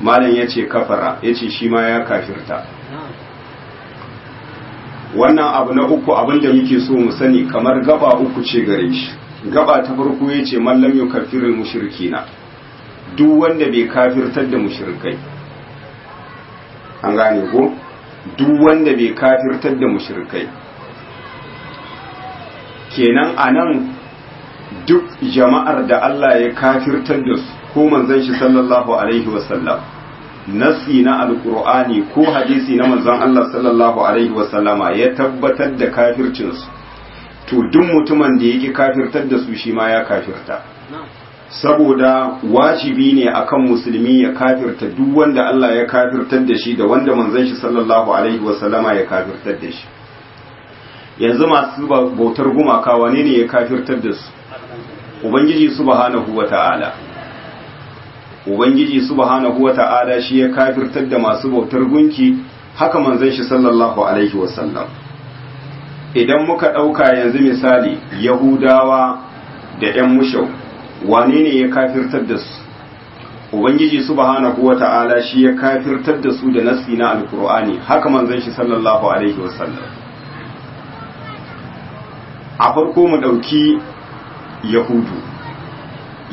malam yace kafara yace ce shi ma ya kafirta wannan abu na uku abin da muke so mu sani kamar gaba uku ce gare shi gaba ta farko ya ce mallam yau kafirin mushrikina duk wanda bai kafirtar da mushrikai an gane ko duk wanda bai kafirtar da mushrikai kenan anan duk jama'ar da Allah ya kafirtar da su ko manzon shi sallallahu alaihi wasallam nasi na alkur'ani ko hadisi na manzon Allah sallallahu alaihi wasallama ya tabbatar da kafircinsu to duk mutumin da yake kafirtar da su shi ma ya kafirta saboda wajibi ne akan musulmi ya kafirta duk wanda Allah ya kafirtar da shi da wanda manzon shi sallallahu alaihi wasallama ya kafirtar da shi yanzu masu bautar gumaka wane ne ya kafirtar da su ubangiji subhanahu ta'ala. ubangiji subhanahu wata'ala shi ya kafirtar da masu bautar gunki haka manzon shi sallallahu alaihi wasallam idan muka ɗauka yanzu misali yahudawa da 'yan mushau wane ne ya kafirtar da su ubangiji subhanahu wata'ala shi ya kafirtar da su da nasi na alqur'ani haka manzon shi sallallahu alaihi wasallam a farko mu ɗauki yahudu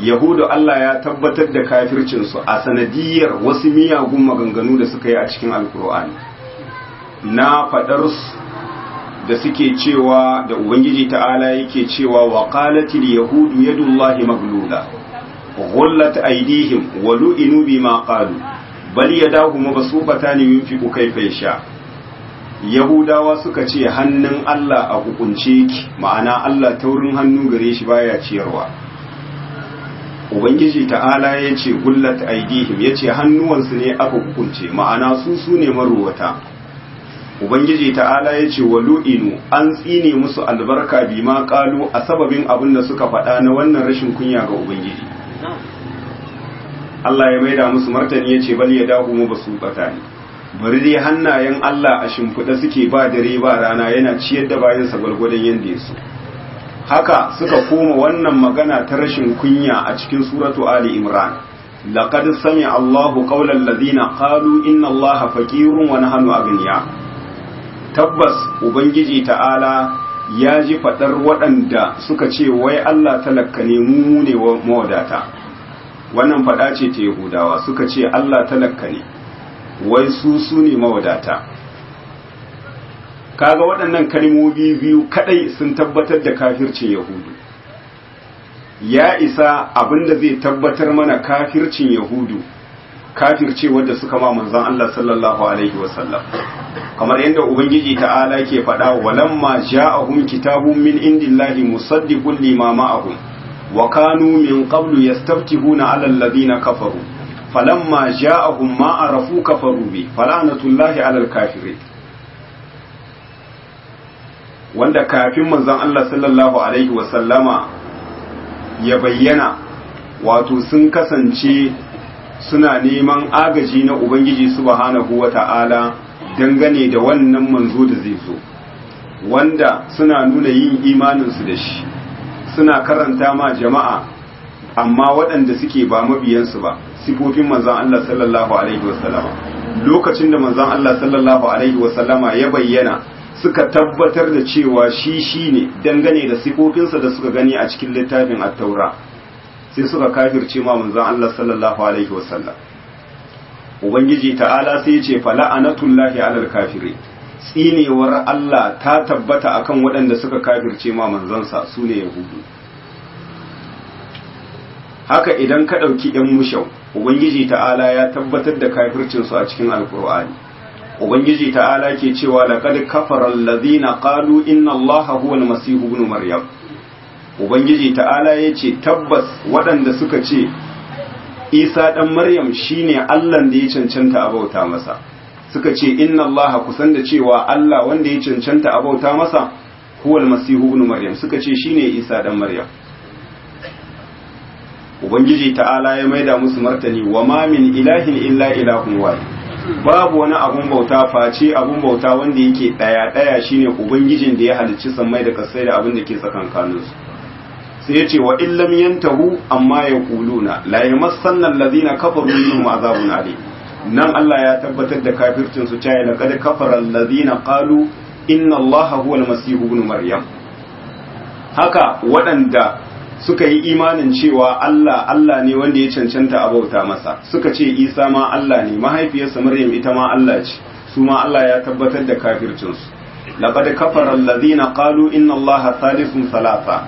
yahudu Allah ya tabbatar da kafircinsu a sanadiyar wasu miyagun maganganu da suka yi a cikin alkur'ani na faɗarsu da suke cewa da ubangiji ta'ala yake cewa wa qalatil yahudu yadullahi maglula ghullat aydihim wa lu'inu bima qalu bal yadahu mabsuqatan yunfiqu kayfa yasha yahudawa suka ce hannun Allah a hukunce ki ma'ana Allah taurin hannu gare shi baya ciyarwa ubangiji ta'ala ya ce gullat aidihim ya ce hannuwansu ne aka hukunce ma'ana su su ne maruwata ubangiji ta'ala ya ce wa lu'inu an tsine musu albarka bi ma kalu a sababin abin da suka faɗa na wannan rashin kunya ga ubangiji Allah ya maida musu martani ya ce bal ya dahu mu basu bata ne bari dai hannayen Allah a shimfiɗa suke ba dare ba rana yana ciyar da bayansa gwargwadon yanda ya so haka suka koma wannan magana ta rashin kunya a cikin suratu ali imran laqad sami allahu qawlan ladina qalu inna allaha faqirun wa nahnu aghniya tabbas ubangiji ta'ala ya ji fadar waɗanda suka ce wai allah talakka ne mu ne mawadata wannan fada ce ta yahudawa suka ce allah talakka ne wai su su ne mawadata kaga waɗannan kalmomi biyu kadai sun tabbatar da kafircin yahudu ya isa abinda zai tabbatar mana kafircin yahudu kafirce wadda suka ma manzon Allah sallallahu alaihi wasallam kamar yadda ubangiji ta'ala ke faɗa walamma ja'ahum kitabun min indillahi musaddiqun lima ma'ahum wa kanu min qablu yastaftihuna 'ala alladhina kafaru falamma ja'ahum ma arafu kafaru bi fala'natullahi 'alal kafirin wanda kafin manzon Allah sallallahu alaihi wasallama ya bayyana wato sun kasance suna neman agaji na ubangiji subhanahu ta'ala, dangane da wannan manzo da zai zo wanda suna nuna yin imaninsu da shi suna karanta ma jama'a amma waɗanda suke ba mabiyansu ba sifofin manzon Allah sallallahu alaihi wasallama lokacin da manzon Allah sallallahu alaihi wasallama ya bayyana suka tabbatar da cewa shi shi ne dangane da sifofinsa da suka gani a cikin littafin attaura sai suka kafirce ma manzon Allah sallallahu alaihi wasallam ubangiji ta'ala sai ya ce fala'anatullahi alal kafire. tsinewar Allah ta tabbata akan waɗanda suka kafirce ma manzansa su ne yahudu haka idan ka ɗauki ‘yan mushau ubangiji ta'ala ya tabbatar da kafircinsu a cikin alkur'ani ubangiji ta'ala ke cewa laqad kafara na qalu inna allaha huwa al-masih ibn maryam ubangiji ta'ala yace tabbas waɗanda suka ce isa dan maryam shine Allah da ya cancanta abauta masa suka ce inna allaha kusan da cewa allah wanda ya cancanta abauta masa huwa al-masih ibn maryam suka ce shine isa dan maryam ubangiji ta'ala ya maida musu martani wa ma min ilahin illa ilahun wahid babu wani abun bauta face abun bauta wanda yake daya daya shine ubangijin da ya halicci sammai da kasai da abin da ke tsakankanin su sai yace wa illam yantahu amma yaquluna la yamassanna alladhina kafaru minhum azabun ali nan Allah ya tabbatar da kafircin su cewa kada kafara alladhina qalu inna allaha huwal Masihu ibn maryam haka waɗanda suka yi imanin cewa Allah Allah ne wanda ya cancanta a masa suka ce Isa ma Allah ne mahaifiyarsa Maryam ita ma Allah ce su ma Allah ya tabbatar da kafircinsu laqad kafara alladhina qalu inna Allaha thalithun thalatha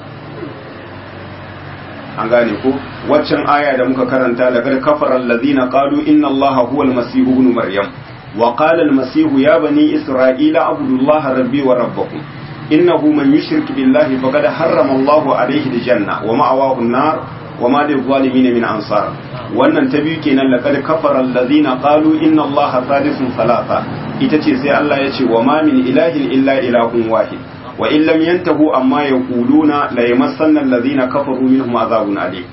an gane ko waccan aya da muka karanta laqad kafara alladhina qalu inna Allaha huwa al-masih ibn Maryam wa qala al-masih ya bani Isra'ila abudullaha rabbi wa rabbakum innahu man yushrik billahi faqad harrama Allahu da aljanna wa ma'awahu an-nar wa ma lil zalimin min ansar wannan ta biyu kenan laqad kafara allazina qalu inna Allaha thalithu thalatha ita ce sai Allah ya ce wa ma min ilahin illa ilahun wahid wa in lam yantahu amma yaquluna la yamassanna allazina kafaru minhum azabun alim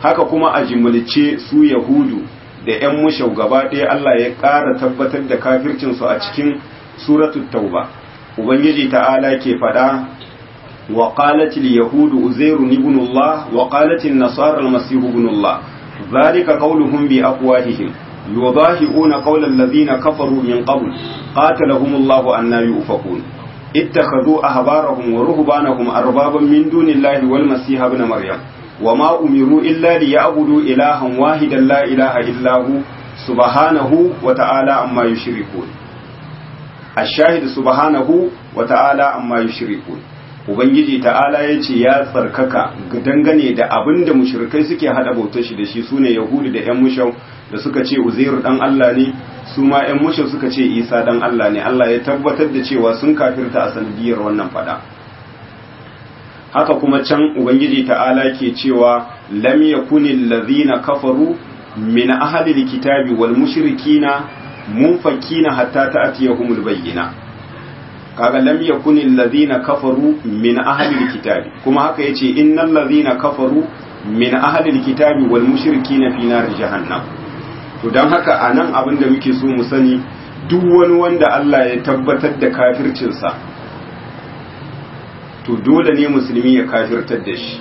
haka kuma a jimilce su yahudu da 'yan mushau gaba ɗaya Allah ya ƙara tabbatar da kafircinsu a cikin suratul tauba ubangiji ta'ala ke faɗa wa yahudu Uzairu ni bunullah ƙalatil nasarar masihu ibnullah zalika qauluhum bi aqwahihim yudahiuna qawlan alladhina kafaru min qabl qatalahumullahu anna yufakun a ahbarahum wa ruhbanahum arbaban min dunillahi wal masih ibn maryam Wa wama umiru illa liya'budu ilahan wahidan la ilaha illa hu subhanahu wa ta'ala amma yushrikun الشاهد سبحانه subhanahu wa ta'ala amma ubangiji ta'ala yace ya tsarkaka dangane da abinda mushrikai suke hada bautar shi da shi su ne yahudu da yan mushau da suka ce uzairu dan Allah ne su ma yan mushau suka ce isa dan Allah ne Allah ya tabbatar da cewa sun kafirta a sanadiyar wannan fada haka kuma can ubangiji ta'ala ke cewa lam yakunil ladhina kafaru min ahli alkitabi wal mushrikina munfakina hatta ta humul bayyina kaga lam yakuni alladhina kafaru min ahli kitabi kuma haka yace innal ladhina kafaru min ahli kitabi wal mushrikina fi nar jahannam to dan haka anan abin da muke so mu sani duk wani wanda Allah ya tabbatar da kafircinsa to dole ne musulmi ya kafirtar da shi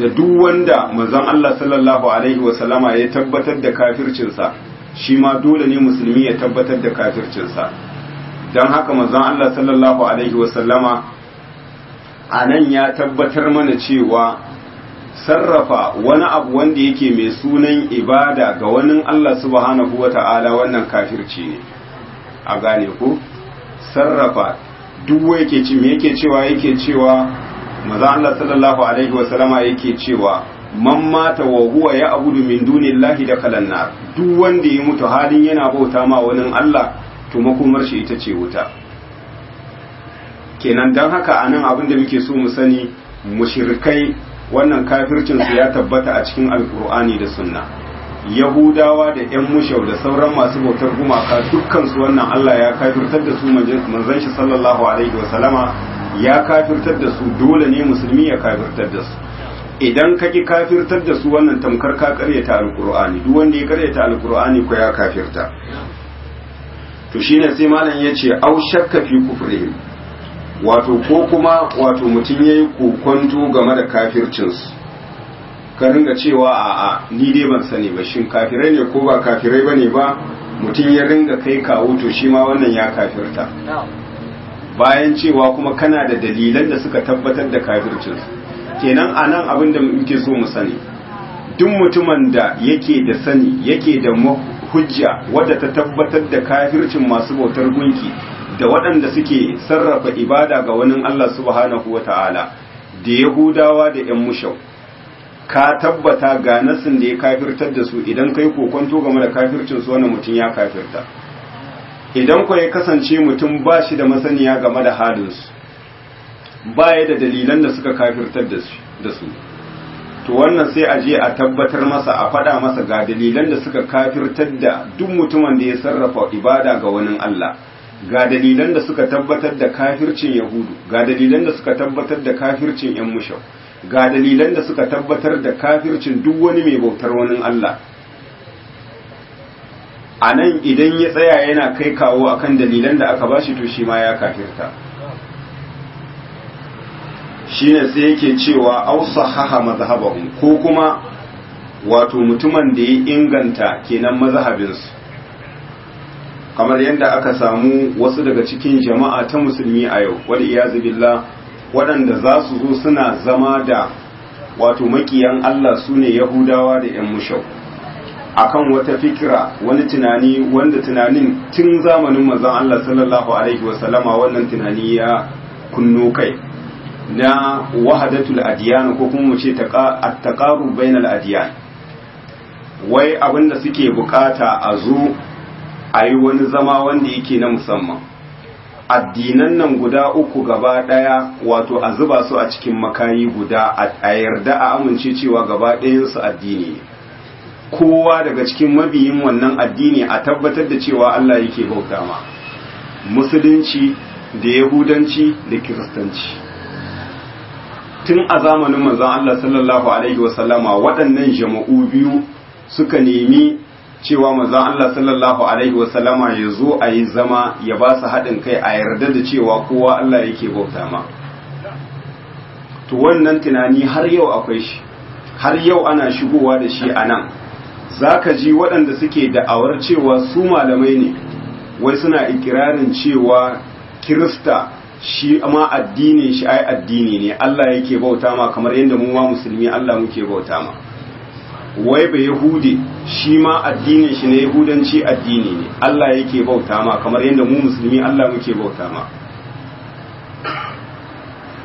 da duk wanda manzon Allah sallallahu alaihi wasallama ya tabbatar da kafircinsa shi ma dole ne musulmi ya tabbatar da kafircinsa don haka manzon Allah sallallahu alaihi wasallama a nan ya tabbatar mana cewa sarrafa wani abu wanda yake mai sunan ibada ga wani Allah subhanahu wa ta'ala wannan kafirci ne a gane ku sarrafa duk yake yake cewa yake cewa mazan Allah sallallahu alaihi wasallama yake cewa man mata wa huwa ya abudu min dunillahi da kalannar duk wanda ya mutu halin yana bauta ma wani Allah to makomar shi ita ce wuta kenan dan haka anan abin da muke so mu sani mushrikai wannan kafircinsu ya tabbata a cikin alkur'ani da sunna yahudawa da yan mushau da sauran masu bautar gumaka dukkan su wannan Allah ya kafirtar da su manzon shi sallallahu alaihi wasallama ya kafirtar da su dole ne musulmi ya kafirtar da su idan ka ki kafirtar da su wannan tamkar ka karyata alkur'ani duk wanda ya karyata alkur'ani ko ya kafirta to shine sai malam ya ce au shakka fi kufrihim wato ko kuma wato mutum yayi kokonto game da kafircinsu ka ringa cewa a'a ni dai ban sani ba shin kafirai ne ko ba kafirai bane ba mutum ya ringa kai kawo to shi ma wannan ya kafirta bayan cewa kuma kana da dalilan da suka tabbatar da kafircinsu kenan a nan abin da muke so mu sani duk mutumin da yake da sani yake da hujja wadda ta tabbatar da kafircin masu bautar gunki da waɗanda suke sarrafa ibada ga wani Allah subhanahu wa ta'ala da yahudawa da ‘yan mushau ka tabbata ga nasin da ya kafirtar da su idan kai kokonto game da kafircin su wani mutum ya kafirta idan ku ya kasance mutum ba shi da masaniya game da halinsu baya da dalilan da suka kafirtar da su to wannan sai a je a tabbatar masa a faɗa masa ga dalilan da suka kafirtar da duk mutumin da ya sarrafa ibada ga wani Allah ga dalilan da suka tabbatar da kafircin yahudu ga dalilan da suka tabbatar da kafircin yan mushaw ga dalilan da suka tabbatar da kafircin duk wani mai bautar wani Allah a nan idan ya tsaya yana kai kawo akan dalilan da aka bashi to shi ma ya kafirta shine sai yake cewa au sahaha mazhabahum ko kuma wato mutumin da ya inganta kenan mazhabinsu kamar yadda aka samu wasu daga cikin jama'a ta musulmi a yau wal iyazu billah waɗanda za su zo suna zama da wato makiyan Allah sune ne Yahudawa da 'yan mushau akan wata fikira wani tunani wanda tunanin tun zamanin mazan Allah sallallahu Alaihi wasallama wannan tunani ya kunno kai na wahadatul adiyan ko kuma mu ce at-taqarrub bainal adiyan wai abinda suke bukata a zo a yi wani zama wanda yake na musamman addinan nan guda uku gaba daya wato a zuba su a cikin makayi guda a yarda a amince cewa gaba ɗayansu addini kowa daga cikin mabiyin wannan addini a tabbatar da cewa Allah yake bauta ma musulunci da yahudanci da kiristanci tun a zamanin manzon Allah sallallahu alaihi sallama waɗannan jama'u biyu suka nemi cewa manzon Allah sallallahu alaihi sallama ya zo a yi zama ya ba su haɗin kai a yarda da cewa kowa Allah yake bauta ma to wannan tunani har yau akwai shi har yau ana shigowa da shi a nan za ka ji waɗanda suke da'awar cewa su malamai ne wai suna ikirarin cewa kirista shi ma addinin shi ai addini ne Allah yake bauta ma kamar yadda mu ma musulmi Allah muke bauta ma wai ba yahudi shi ma addinin shi ne yahudanci addini ne Allah yake bauta ma kamar yadda mu musulmi Allah muke bauta ma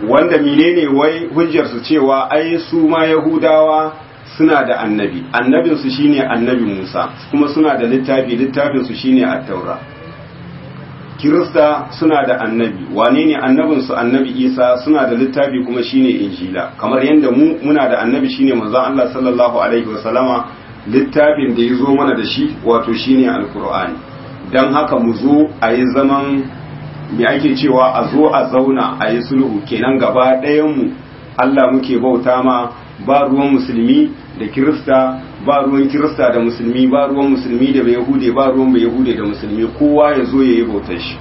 wanda menene wai hujjar su cewa ai su ma yahudawa suna da annabi annabinsu shine annabi Musa kuma suna da littafi littafinsu shine at-taura kirista suna da annabi wane ne annabinsu annabi isa suna da littafi kuma shine injila kamar yadda mu muna da annabi shine manzon allah sallallahu alaihi wasallama littafin da ya zo mana da shi wato shine alkur'ani don haka mu zo a yi zaman me ake cewa a zo a zauna a yi sulhu kenan gaba ɗayanmu allah muke bauta ma ba ruwan musulmi da kirista ba ruwan kirista da musulmi ba ruwan musulmi da bai yahude ba ruwan bai yahude da musulmi kowa ya zo ya yi bautar shi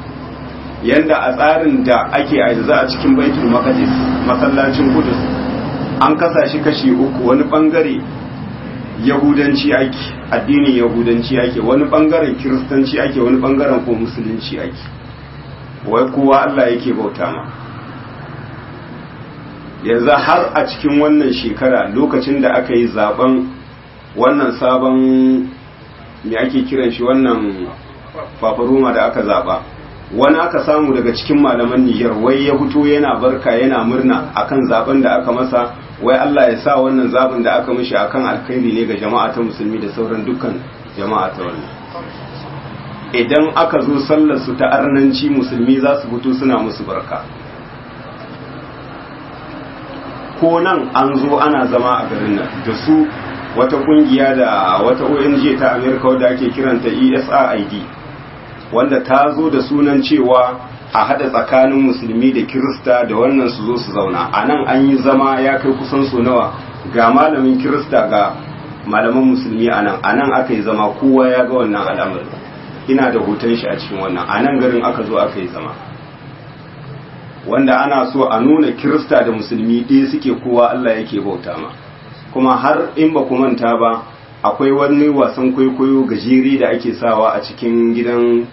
yanda a tsarin da ake aiza a cikin baitul maqdis masallacin kudus an kasa shi kashi uku wani bangare yahudanci ake addinin yahudanci ake wani bangaren kiristanci ake wani bangaren ko musulunci ake wai kowa Allah yake bauta ma yanzu har a cikin wannan shekara lokacin da aka yi zaben wannan sabon me ake kiran shi wannan fafaruma da aka zaba wani aka samu daga cikin malaman Nijar wai ya hutu yana barka yana murna akan zaben da aka masa wai Allah ya sa wannan zaben da aka mishi akan alkhairi ne ga jama'a ta musulmi da sauran dukkan jama'a ta wannan idan aka zo sallar su ta arnanci musulmi za su fito suna musu barka ko nan an zo ana zama a garin nan da su wata kungiya da wata ONG ta Amerika wadda ake kiranta ESRID wanda ta zo da sunan cewa a hada tsakanin musulmi da kirista da wannan su zo su zauna a nan an yi zama ya kai kusan su nawa ga malamin kirista ga malaman musulmi a nan a nan aka yi zama kowa ya ga wannan al'amari ina da hoton shi a cikin wannan a nan garin aka zo aka yi zama wanda ana so a nuna kirista da musulmi ɗaya suke kowa allah yake bauta ma kuma har in ba ku manta ba akwai wani wasan kwaikwayo gajiri da ake sawa a cikin gidan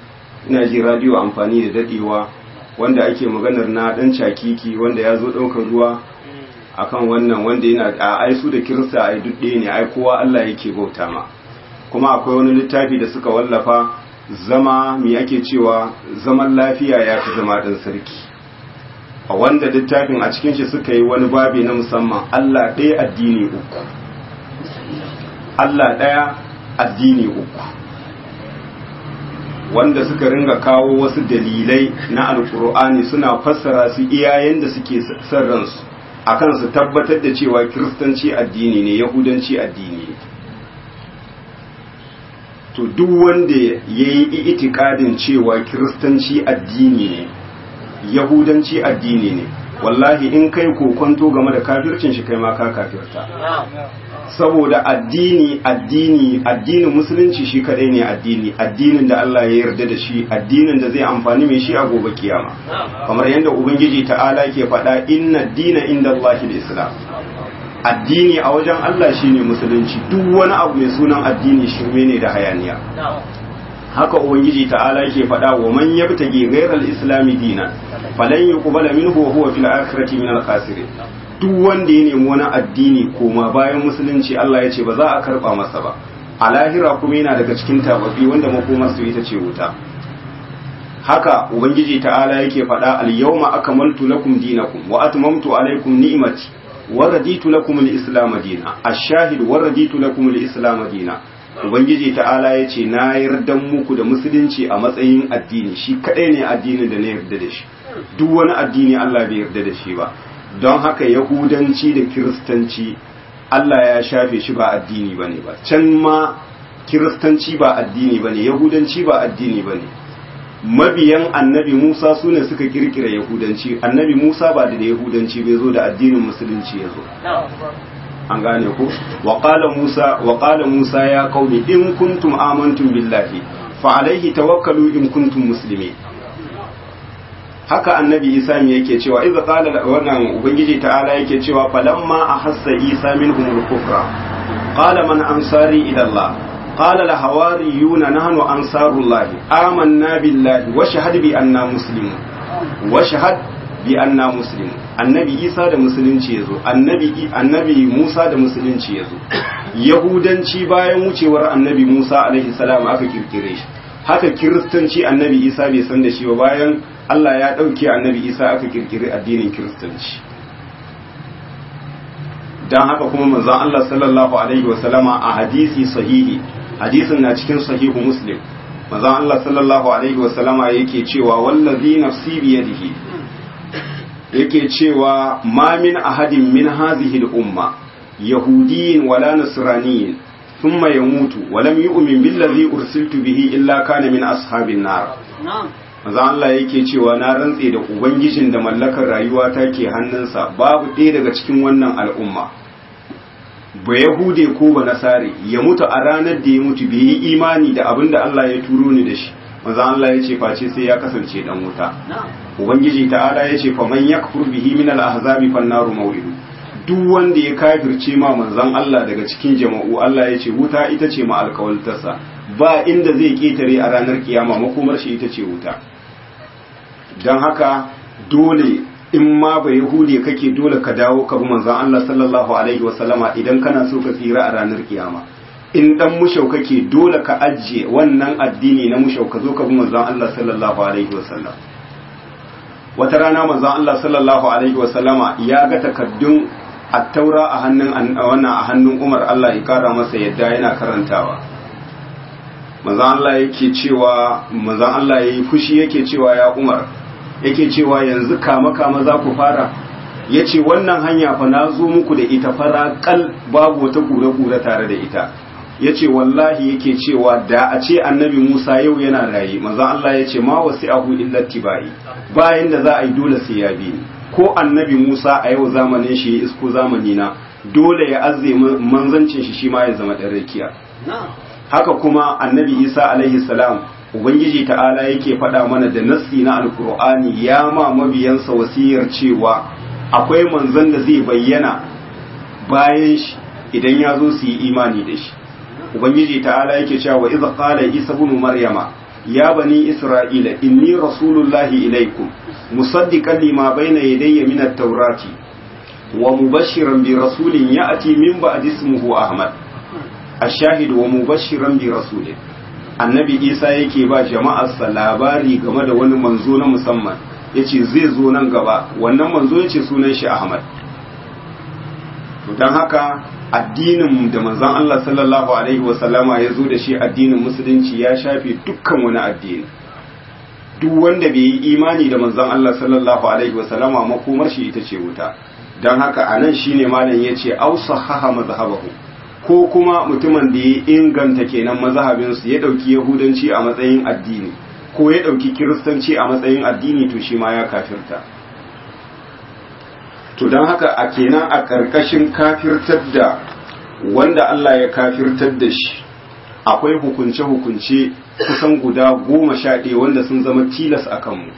naji radio amfani da dadewa wanda ake maganar na dan cakiki wanda ya zo daukar ruwa akan wannan wanda yana a aisu da kirsa ai dudde ne ai kowa Allah yake bauta ma kuma akwai wani littafi da suka wallafa zama me ake cewa zaman lafiya ya fi zama dan sarki A wanda littafin a cikin shi suka yi wani babi na musamman Allah ɗaya addini uku Allah ɗaya addini uku wanda suka ringa kawo wasu dalilai na alkur'ani suna fassara su iyayen da suke son ransu akan su tabbatar da cewa kiristanci addini ne yahudanci addini ne to duk wanda ya yi itikadin cewa kiristanci addini ne yahudanci addini ne wallahi in kai kokonto game da kafircin shi kai ma ka kafirta saboda addini addini addinin musulunci shi kadai ne addini addinin da Allah ya yarda da shi addinin da zai amfani mai shi a gobe kiyama kamar yadda ubangiji ta'ala ke faɗa inna dina inda Allah islam addini a wajen Allah shine musulunci duk wani abu mai sunan addini shi ne da hayaniya haka ubangiji ta'ala yake faɗa wa man yabtagi ghayral islami dina falan yuqbala minhu wa huwa fil akhirati min al khasirin duk wanda ya nemi wani addini koma bayan musulunci Allah ya ce ba za a karba masa ba a lahira kuma yana daga cikin tababbi wanda makomarsu ita ce wuta haka ubangiji ta'ala yake faɗa al-yawma akmaltu lakum dinakum wa atmamtu alaykum ni'mati wa raditu lakum al-islam dinan ash-shahid wa raditu lakum al-islam dinan ubangiji ta'ala ya ce na yardan muku da musulunci a matsayin addini shi kadai ne addini da na yarda da shi duk wani addini Allah bai yarda da shi ba don haka yahudanci da kiristanci Allah ya shafe shi ba addini bane ba can ma kiristanci ba addini bane yahudanci ba addini bane mabiyan annabi Musa su ne suka kirkira yahudanci annabi Musa ba da yahudanci bai zo da addinin musulunci ya zo an gane ku musa musa ya qaumi in kuntum amantum billahi fa alaihi tawakkalu in kuntum haka annabi isa ne yake cewa idza qala wannan ubangiji ta'ala yake cewa falamma ahassa isa minhum al-kufra qala man ansari ila allah qala la hawariyuna nahnu ansarullahi amanna billahi wa shahad bi anna muslimun wa shahad bi anna muslim annabi isa da musulunci yazo annabi annabi musa da musulunci yazo yahudanci bayan wucewar annabi musa alaihi salam aka kirkire shi haka kiristanci annabi isa bai san da shi ba bayan allah ya dauke annabi isa aka kirkire addinin kiristanci don haka kuma manzo allah sallallahu alaihi wasallama a hadisi sahihi hadisin na cikin sahihu muslim manzo allah sallallahu alaihi wasallama yake cewa wallazi nafsi biyadihi yake cewa mamin min ahadin min hazihi umma yahudiyin wala nasraniyin thumma yamutu wa lam yu'min billazi ursiltu bihi illa kana min ashabin nar Maza Allah yake cewa na rantse da ubangijin da mallakar rayuwa ta ke hannunsa babu ɗaya daga cikin wannan al'umma ba yahude ko ba nasare ya mutu a ranar da ya mutu bai yi imani da abin da Allah ya turo ni da shi Maza Allah ya ce face sai ya kasance dan wuta ubangiji ta'ala yace faman yakfur bihi min al-ahzabi fan naru duk wanda ya kafirce ma manzon Allah daga cikin jama'u Allah ya ce wuta ita ce ma alkawaltarsa ba inda zai ƙetare a ranar kiyama makomar shi ita ce wuta don haka dole in ma ba yahudi kake dole ka dawo ka bi manzon Allah sallallahu alaihi wasallama idan kana so ka tsira a ranar kiyama in dan mushau kake dole ka ajiye wannan addini na mushau ka zo ka bi manzon Allah sallallahu alaihi wasallam wata rana manzon Allah sallallahu alaihi wasallama ya ga takaddun attaura a hannun wannan a hannun Umar Allah ya kara masa yadda yana karantawa manzon Allah yake cewa manzon Allah yayi fushi yake cewa ya Umar yake cewa yanzu kama kama za ku fara yace wannan hanya fa na zo muku da ita fara kal babu wata kura kura tare da ita ya ce wallahi yake cewa da a ce annabi musa yau yana raye maza allah ya ce ma wasu ahu illa tibai bayan da za a yi dole sai ya bi ko annabi musa a yau zamanin shi ya isko zamani na dole ya azze manzancin shi shi ma ya zama ɗan rakiya haka kuma annabi isa alaihi salam ubangiji ta'ala yake faɗa mana da nassi na alkur'ani ya ma mabiyansa wasiyar cewa akwai manzon da zai bayyana bayan shi idan ya zo su yi imani da shi ubangiji ta'ala yake cewa wa idza qala isa ibn maryama ya bani isra'ila inni rasulullahi ilaikum musaddiqan lima bayna yadayya min at-taurati wa mubashiran bi rasulin ya'ti min ba'di ismihi ahmad ash-shahid wa mubashiran bi rasulin annabi isa yake ba sa labari game da wani manzo na musamman yace zai zo nan gaba wannan manzo yace sunan shi ahmad to don haka addinin da manzon Allah sallallahu alaihi wasallama ya zo da shi addinin musulunci ya shafe dukkan wani addini duk wanda bai yi imani da manzon Allah sallallahu alaihi wasallama makomar shi ita ce wuta don haka a nan ne malam ya ce ausa haha mazhabahu ko kuma mutumin da ya inganta kenan mazhabinsu ya ɗauki yahudanci a matsayin addini ko ya ɗauki kiristanci a matsayin addini to shi ma ya kafirta to don haka a kenan a ƙarƙashin kafirtar da wanda Allah ya kafirtar da shi akwai hukunce-hukunce kusan guda goma sha ɗaya wanda sun zama tilas a kanmu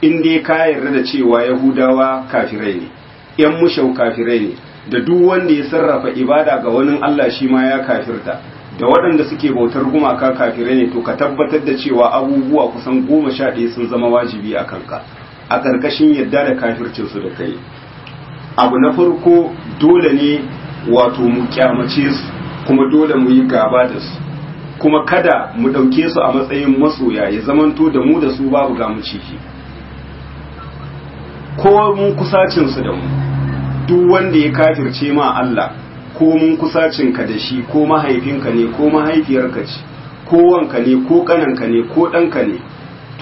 in dai ka yarda da cewa yahudawa kafirai ne yan mushau kafirai ne da duk wanda ya sarrafa ibada ga wani Allah shi ma ya kafirta da waɗanda suke bautar gumaka kafirai ne to ka tabbatar da cewa abubuwa kusan goma sha ɗaya sun zama wajibi a kanka a ƙarƙashin yadda da kafircinsu da kai abu na farko dole ne wato mu kyamace su kuma dole mu yi gaba da su kuma kada mu ɗauke su a matsayin masoya ya zamanto da mu da su babu gamu ciki ko mun kusacin su da mu duk wanda ya kafirce ma Allah ko mun kusacin ka da shi ko mahaifinka ne ko mahaifiyarka ce ko wanka ne ko kananka ne ko ɗanka ne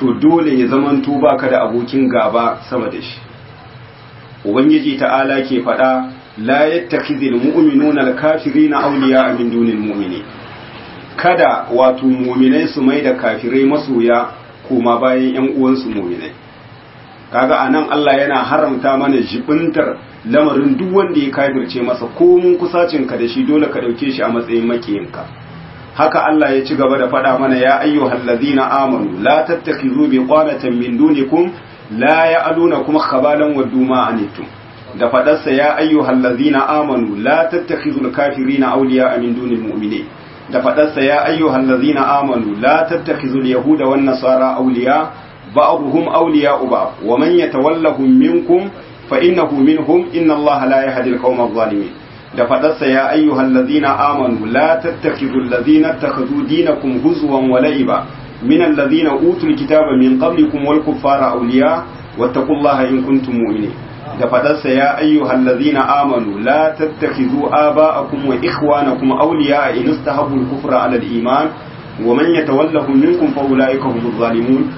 to dole ya zamanto baka da abokin gaba sama da shi ubangiji ta'ala ke faɗa la yattakhizul mu'minuna al-kafirina awliya min dunil mu'mini kada wato mu'minai su mai da kafirai masoya kuma bayan yan uwansu mu'minai kaga anan Allah yana haramta mana jibintar lamarin duk wanda ya kafirce masa ko mun kusacin ka da shi dole ka dauke shi a matsayin makiyinka haka Allah ya ci gaba da faɗa mana ya ayyuhallazina amanu la tattakizu biqanatan min dunikum la ya aluna kuma khabalan waddu ma anitum da fadarsa ya ayyuhal hallazina amanu la tattakhizul kafirina awliya min dunil mu'minin da fadarsa ya ayyuhal halazina amanu la tattakhizul yahuda wan nasara awliya ba'dhum awliya uba. wa man yatawallahum minkum fa innahu minhum inna allaha la yahdi al qawma adh-dhalimin da fadarsa ya ayyuhal hallazina amanu la tattakhizul ladzina ittakhadhu huzwan wa la'iba من الذين أوتوا الكتاب من قبلكم والكفار أولياء واتقوا الله إن كنتم مؤمنين da fadarsa ya ayyuhal ladhina amanu la tattakhizu aba'akum wa ikhwanakum awliya in istahabbu al-kufra 'ala al-iman wa man yatawallahum minkum fa ulaika humuz zalimun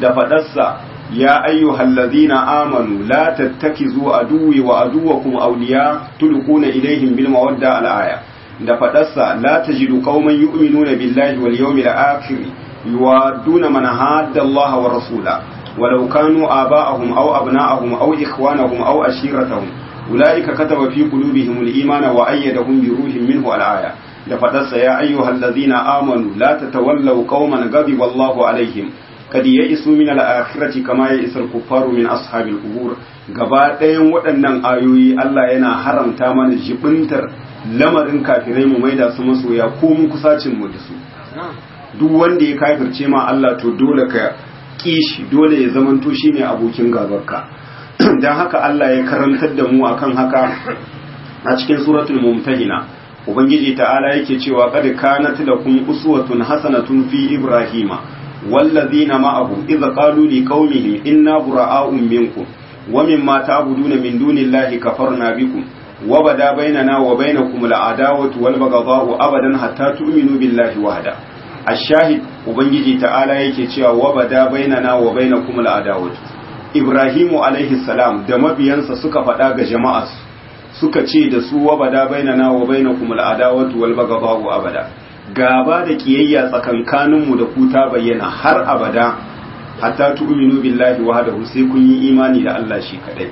da fadarsa ya ayyuhal ladhina amanu la tattakhizu aduwwi wa aduwwakum awliya tulquna ilayhim bil mawadda al-aya da fadarsa la tajidu qauman yu'minuna billahi wal yawmil akhir yu'aduna man hadda Allah wa rasula walau kanu aba'ahum aw abna'ahum aw ikhwanahum aw ashiratahum ulaika kataba fi qulubihim al iman wa ayyada bi ruhin minhu al aya da fadarsa ya ayyuha allazina amanu la tatawallu ƙauman ghadiba Allah alaihim kad ya'isu min al akhirati kama ya'isu al kuffaru min ashabil qubur gaba ɗayan waɗannan ayoyi Allah yana haramta mana jibintar lamarin kafirai mu maida su masoya ko mu kusacin mu da su duk wanda ya kafirce ma Allah to dole ka kishi dole ya zamanto shine abokin gabarka dan haka Allah ya karantar da mu akan haka a cikin suratul mumtahina ubangiji ta'ala yake cewa qad kanat lakum uswatun hasanatun fi ibrahima والذين معه إذا قالوا لقومهم inna bura'a'u minkum wa mimma ta'buduna min dunillahi kafarna bikum wa bada na wa bainakum al'adawatu wal baghdha'u abadan hatta tu'minu billahi wahda A shahid ubangiji ta'ala yake cewa wa bada na wa bainakum al'adawatu ibrahimu alaihi salam da mabiyansa suka faɗa ga jama'as suka ce da su wa bada na wa bainakum al'adawatu wal baghdha'u abada gaba da kiyayya tsakankaninmu da ku ta bayyana har abada hatta tu'minu billahi wahdahu sai kun yi imani da Allah shi kadai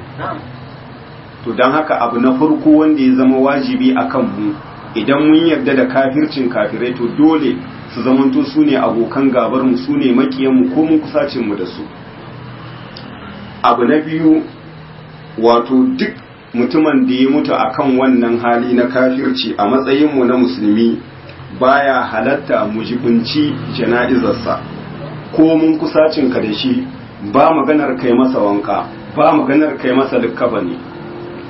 to dan haka abu na farko wanda ya zama wajibi akan mu idan mun yarda da kafircin kafirai to dole su zamanto su ne abokan gabar mu su ne makiyan mu ko mun kusacin mu da su abu na biyu wato duk mutumin da ya mutu akan wannan hali na kafirci a matsayin mu na musulmi baya halatta mujibunci jana'izarsa ko mun kusa ka da shi ba maganar kai masa wanka ba maganar kai masa likkafani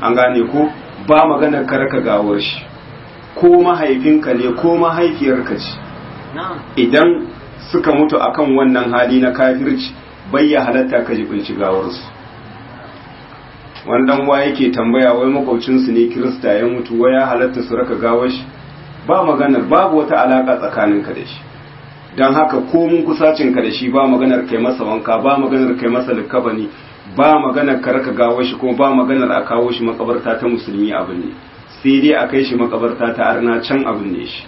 an gane ko ba maganar karka gawar shi ko mahaifinka ne ko mahaifiyarka ce idan suka mutu akan wannan hali na kafirci bai ya halatta ka jibinci gawarsu wani dan wa yake tambaya wai makwabcinsu ne kirista ya mutu wai ya halatta su raka gawar shi ba maganar babu wata alaka tsakaninka da shi don haka ko mun kusacin ka da shi ba maganar kai masa wanka ba maganar kai masa ne ba maganar ka raka gawo shi kuma ba maganar a kawo shi makabarta ta musulmi abin ne sai dai a kai shi makabarta ta arna can abin ne shi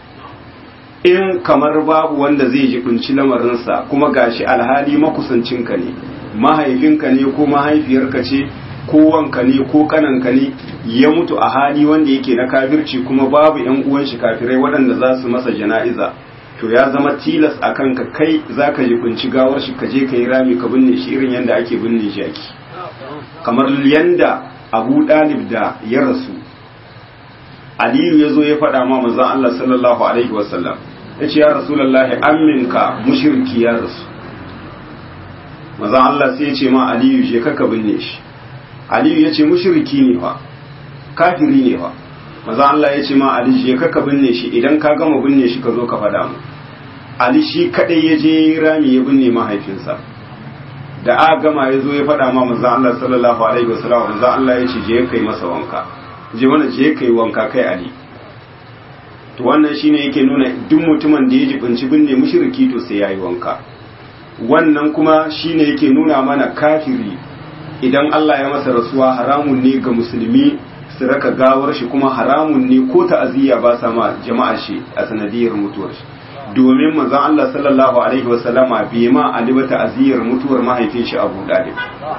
in kamar babu wanda zai ji kunci lamarinsa kuma gashi alhali makusancinka ne mahaifinka ne ko mahaifiyarka ce ko wanka ne ko kananka ne ya mutu a hali wanda yake na kafirci kuma babu yan uwan shi kafirai waɗanda za su masa jana'iza to ya zama tilas a kanka kai za ka yi kunci gawar shi ka je ka yi rami ka binne shi irin yadda ake binne jaki kamar yadda abu dalib da ya rasu aliyu ya zo ya faɗa ma manzan allah sallallahu alaihi wasallam ya ce ya rasulallahi aminka mushirki ya rasu manzan allah sai ya ce ma aliyu je ka binne shi aliyu ya ce mushirki ne fa kafiri ne fa maza Allah ya ce ma Ali shi ka binne shi idan ka gama binne shi ka zo ka faɗa mu Ali shi kadai ya je rami ya binne mahaifinsa da a gama ya zo ya faɗa ma maza Allah sallallahu alaihi wasallam maza Allah ya ce je kai masa wanka je mana je kai wanka kai Ali to wannan shine yake nuna duk mutumin da ya ji binci binne mushriki to sai yayi wanka wannan kuma shine yake nuna mana kafiri idan Allah ya masa rasuwa haramun ne ga musulmi su raka gawar shi kuma haramun ne ko ta'aziyya ba sama jama'a shi a sanadiyar mutuwar shi domin manzon Allah sallallahu alaihi wa sallama bai ma Ali ta'aziyyar mutuwar mahaifin shi Abu Dalib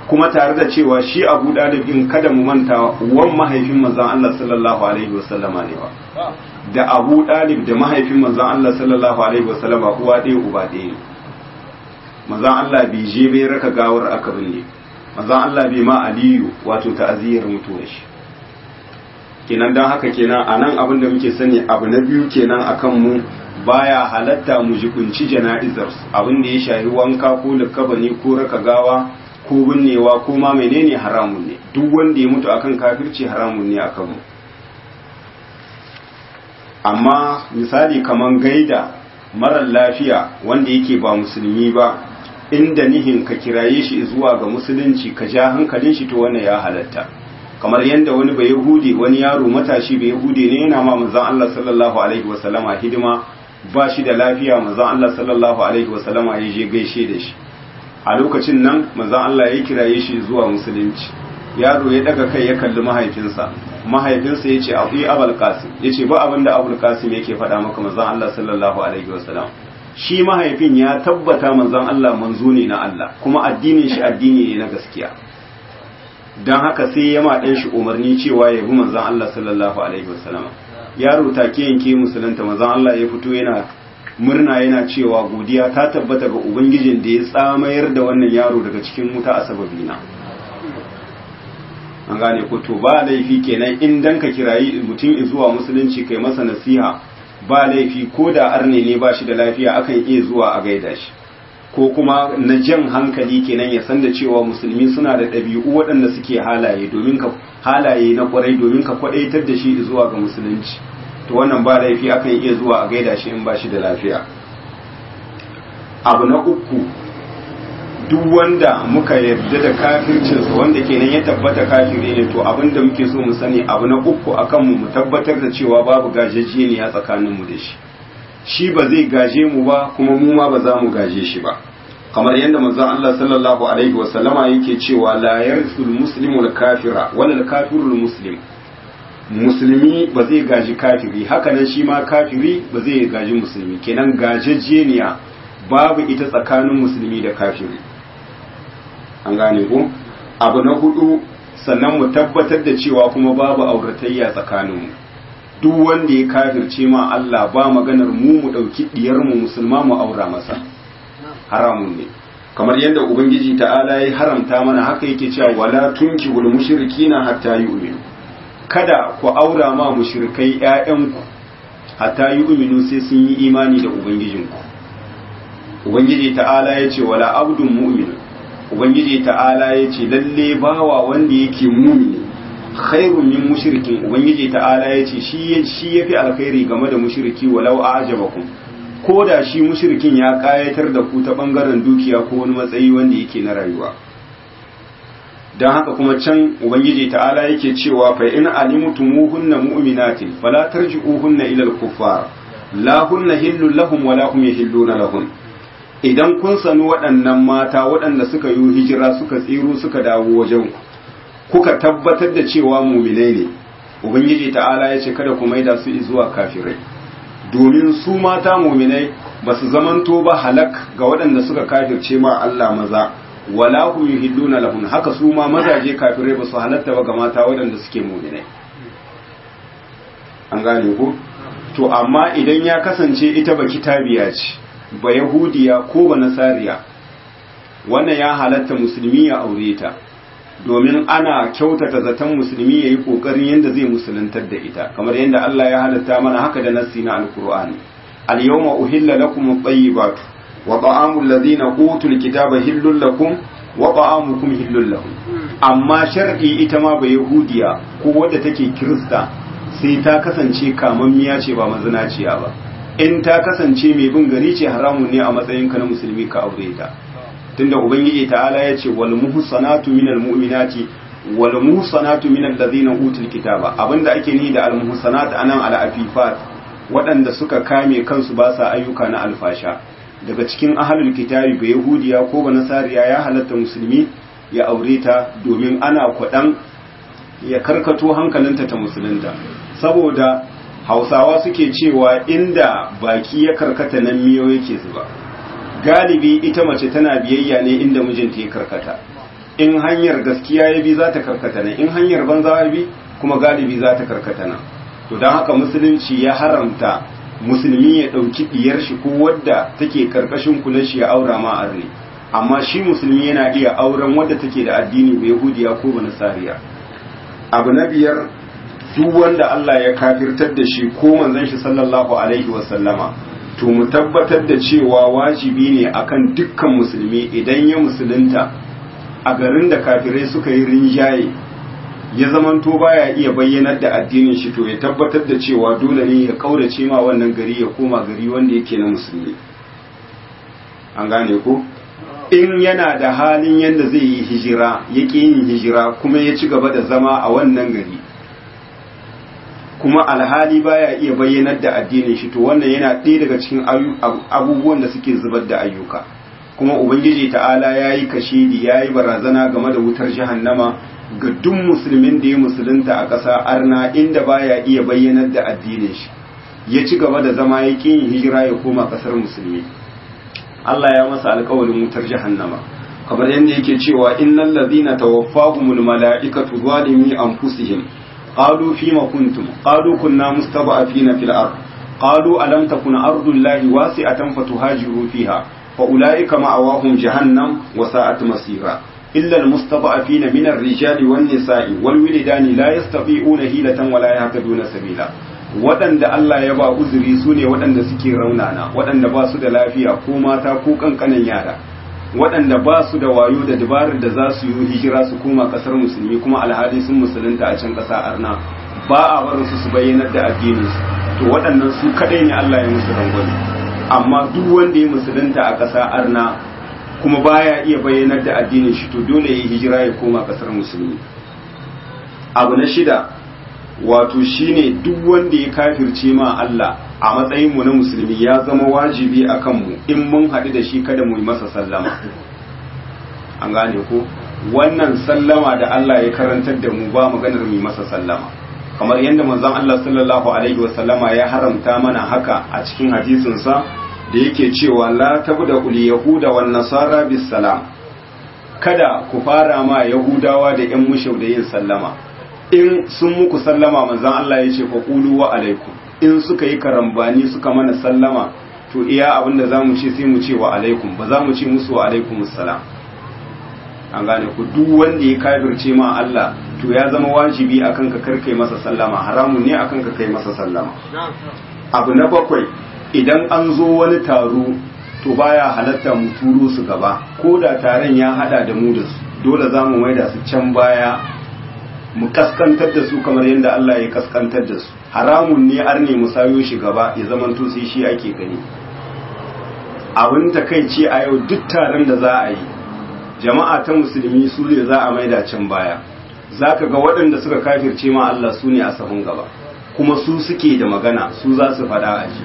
kuma tare da cewa shi Abu Dalib din kada mu manta wan mahaifin manzon Allah sallallahu alaihi wa sallama ne ba da Abu Dalib da mahaifin manzon Allah sallallahu alaihi wa sallama uwa ɗaya uba ɗaya manzon Allah bai je bai raka gawar akabin ne manzon Allah bai ma Aliyu wato ta'aziyyar mutuwar shi kenan don haka kenan a nan abin da muke sani abu na biyu kenan akan mu baya halatta mu jikunci jana'izar abin da ya shahi wanka ko likabani ko raka gawa ko binnewa ko ma menene haramun ne duk wanda ya mutu akan kafirci haramun ne akan mu amma misali kaman gaida marar lafiya wanda yake ba musulmi ba inda nihin ka kiraye shi zuwa ga musulunci ka ja hankalin shi to wannan ya halatta kamar yadda wani bai yahudi wani yaro matashi bai yahudi ne yana ma manzon Allah sallallahu alaihi wa sallama hidima ba shi da lafiya manzon Allah sallallahu alaihi wa sallama ya je gaishe da shi a lokacin nan manzon Allah ya kiraye shi zuwa musulunci yaro ya daga kai ya kalli mahaifinsa mahaifinsa ya ce abu abul qasim ya ce ba abin da abul qasim yake faɗa maka manzon Allah sallallahu alaihi wa sallam shi mahaifin ya tabbata manzon Allah manzo ne na Allah kuma addinin shi addini ne na gaskiya don haka sai ya maɗan shi umarni cewa ya bi manzan Allah sallallahu alaihi wasallama yaro take yanke musulunta manzan Allah ya fito yana murna yana cewa godiya ta tabbata ga ubangijin da ya tsamayar da wannan yaro daga cikin wuta a sababina an gane ko to ba laifi kenan in dan ka kirayi mutum zuwa musulunci kai masa nasiha ba laifi ko da arne ne ba shi da lafiya akan iya zuwa a gaida shi ko kuma na jan hankali kenan ya san da cewa musulmi suna da ɗabi'u waɗanda suke halaye domin ka halaye na kwarai domin ka kwadaitar da shi zuwa ga musulunci to wannan ba laifi akan iya zuwa a gaida shi in ba shi da lafiya abu na uku duk wanda muka yarda da su wanda kenan ya tabbata kafiri ne to abin da muke so mu sani abu na uku akan mu mu tabbatar da cewa babu tsakanin mu da shi shi ba zai gaje mu ba kuma mu ma ba za mu gaje shi ba kamar yadda manzon Allah sallallahu alaihi wa sallama yake cewa la yarsul muslimu al-kafira wala al-kafirul muslim musulmi ba zai gaji kafiri Haka nan shi ma kafiri ba zai gaji musulmi kenan gajejjeniya babu ita tsakanin musulmi da kafiri an gane ko abu na hudu sannan mu tabbatar da cewa kuma babu auratayya tsakaninmu duk wanda ya kafirce ma Allah ba maganar mu mu ɗauki diyar mu musulma mu aura masa haramun ne kamar yadda ubangiji ta'ala ya haramta mana haka yake cewa wala tunkihul mushrikina hatta yu'minu kada ku aura ma mushrikai ƴaƴanku hatta yu'minu sai sun yi imani da ubangijinku ubangiji ta'ala ya ce wala abdun mu'min ubangiji ta'ala ya ce lalle bawa wanda yake mumini khairun min mushrikin ubangiji ta'ala yace shi shi yafi alkhairi game da mushriki walau a'jabakum ko da shi mushrikin ya kayatar da ku ta bangaren dukiya ko wani matsayi wanda yake na rayuwa dan haka kuma can ubangiji ta'ala yake cewa fa in alimtumuhunna mu'minatin fala tarji'uhunna ila al-kuffar la hunna hillu lahum wa la hum yahilluna lahum idan kun sanu waɗannan mata waɗanda suka yi hijira suka tsiro suka dawo wajen ku kuka tabbatar da cewa muminai ne ubangiji ta'ala ya ce kada ku maida su zuwa kafirai domin su mata muminai ba su zamanto ba halak ga waɗanda suka kafirce ma Allah maza wala hum yuhidduna lahun haka su ma mazaje kafirai ba su halatta ba ga mata waɗanda suke muminai an gane ku to amma idan ya kasance ita ba kitabiya ce ba yahudiya ko ba nasariya wannan ya halatta musulmi ya aure ta domin ana kyautata zaton musulmi yayi kokarin yanda zai musuluntar da ita kamar yadda Allah ya halatta mana haka da nassi na alqur'ani al-yawma uhilla lakum at-tayyibatu wa ta'amu alladhina utul kitaba hillul lakum wa ta'amukum hillul lahum amma shar'i ita ma ba yahudiya ko wadda take kirista sai ta kasance kamammiya ce ba mazinaciya ba in ta kasance mai bin gari ce haramun ne a matsayinka na musulmi ka aure ta tunda ubangiji ta'ala ya ce wal muhsanatu minal mu'minati wal muhsanatu minal ladzina utul kitaba abinda ake ni da al muhsanat anan al afifat waɗanda suka kame kansu ba sa ayyuka na alfasha daga cikin ahlul kitabi ba yahudiya ko ba nasariya ya halatta musulmi ya aure ta domin ana kwaɗan ya karkato hankalinta ta musulunta saboda hausawa suke cewa inda baki ya karkata nan miyo yake zuba galibi ita mace tana biyayya ne inda mijinta ya karkata in hanyar gaskiya ya bi za ta karkata ne in hanyar banza ya bi kuma galibi za ta karkata na. to don haka musulunci ya haramta musulmi ya ɗauki ɗiyar shi ko wadda take karkashin kula shi ya aura ma amma shi musulmi yana iya auren wadda take da addini ba yahudiya ko ba nasariya abu na biyar duk wanda Allah ya kafirtar da shi ko manzon shi sallallahu alaihi wasallama to mu tabbatar da cewa wajibi ne akan dukkan musulmi idan ya musulunta a garin da kafirai suka yi rinjaye ya zamanto baya iya bayyanar da addinin shi to ya tabbatar da cewa dole ne ya kaurace ma wannan gari ya koma gari wanda yake na musulmi an gane ko in yana da halin yadda zai yi hijira ya yin hijira kuma ya ci gaba da zama a wannan gari kuma alhali baya iya bayyanar da addinin shi to wannan yana ɗaya daga cikin abubuwan da suke zubar da ayyuka kuma ubangiji ta'ala ya yi kashidi ya yi barazana game da wutar jahannama ga duk musulmin da ya musulunta a ƙasa arna inda baya iya bayyanar da addinin shi ya ci gaba da zama ya ƙin hijira ya koma ƙasar musulmi Allah ya masa alƙawarin wutar jahannama kamar yadda yake cewa innal ladhina tawaffahumul mala'ikatu zalimi anfusihim قالوا فيما كنتم قالوا كنا مستضعفين في الأرض قالوا ألم تكن أرض الله واسعة فتهاجروا فيها فأولئك مأواهم جهنم وساءت مصيرا إلا المستضعفين من الرجال والنساء والولدان لا يستطيعون هيلة ولا يهتدون سبيلا waɗanda Allah ya ba uzuri su ne waɗanda suke raunana waɗanda ba su da lafiya ko mata ko ƙanƙanan yara waɗanda ba su da wayo da dabarar da za su yi hijira su koma ƙasar musulmi kuma alhali sun musulunta a can ƙasa arna ba a barin su su bayyanar da su, to waɗannan su kaɗai ne Allah ya musu rangwani amma duk wanda ya musulunta a ƙasa arna kuma baya iya bayyanar da addinin shi to dole ya yi hijira ya koma ƙasar musulmi abu na shida wato shine duk wanda ya kafirce ma Allah a matsayin mu na musulmi ya zama wajibi a kanmu in mun haɗu da shi kada mu yi masa sallama an gane ko wannan sallama da Allah ya karantar da mu ba maganar mu yi masa sallama kamar yadda manzon Allah sallallahu alaihi wa sallama ya haramta mana haka a cikin hadisin sa da yake cewa la tabda ul yahuda wan nasara bis salam kada ku fara ma yahudawa da yan mushaw da yin sallama in sun muku sallama manzon Allah ya ce fa qulu wa alaikum in suka yi karambani suka mana sallama to iya abinda za mu ce sai mu ce wa alaikum ba za mu ce musu wa alaikum salam an gane ku duk wanda ya kafirce ma Allah to ya zama wajibi akan ka karkai masa sallama haramun ne akan ka kai masa sallama abu na bakwai idan an zo wani taro to baya halatta mu turo su gaba ko da taron ya hada da mu da su dole za mu maida su can baya mu kaskantar da su kamar yadda Allah ya kaskantar da su haramun ne arne mu sayo shi gaba ya zaman to sai shi ake gani abin takaici a yau duk taron da za a yi jama'a ta musulmi su ne za a maida can baya zaka ga waɗanda suka kafirce ma Allah su ne a gaba kuma su suke da magana su za su faɗa a ji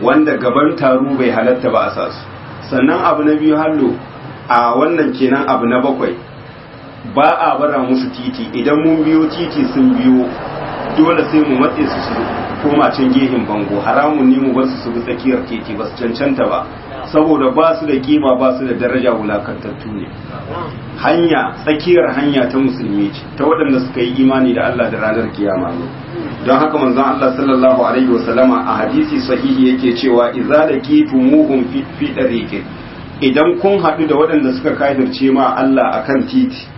wanda gaban taro bai halatta ba a sa su sannan abu na biyu hallo a wannan kenan abu na bakwai ba a bara musu titi idan mun biyo titi sun biyo dole sai mu matse su su koma can gehin bango haramun ne mu basu su tsakiyar titi ba su cancanta ba saboda ba su da kima ba su da daraja wulakantattu ne hanya tsakiyar hanya ta musulmi ce ta waɗanda suka yi imani da Allah da ranar kiyama ne don haka manzon Allah sallallahu alaihi wasallama a hadisi sahihi yake cewa idza muhum fi fi idan kun haɗu da waɗanda suka kafirce ma Allah akan titi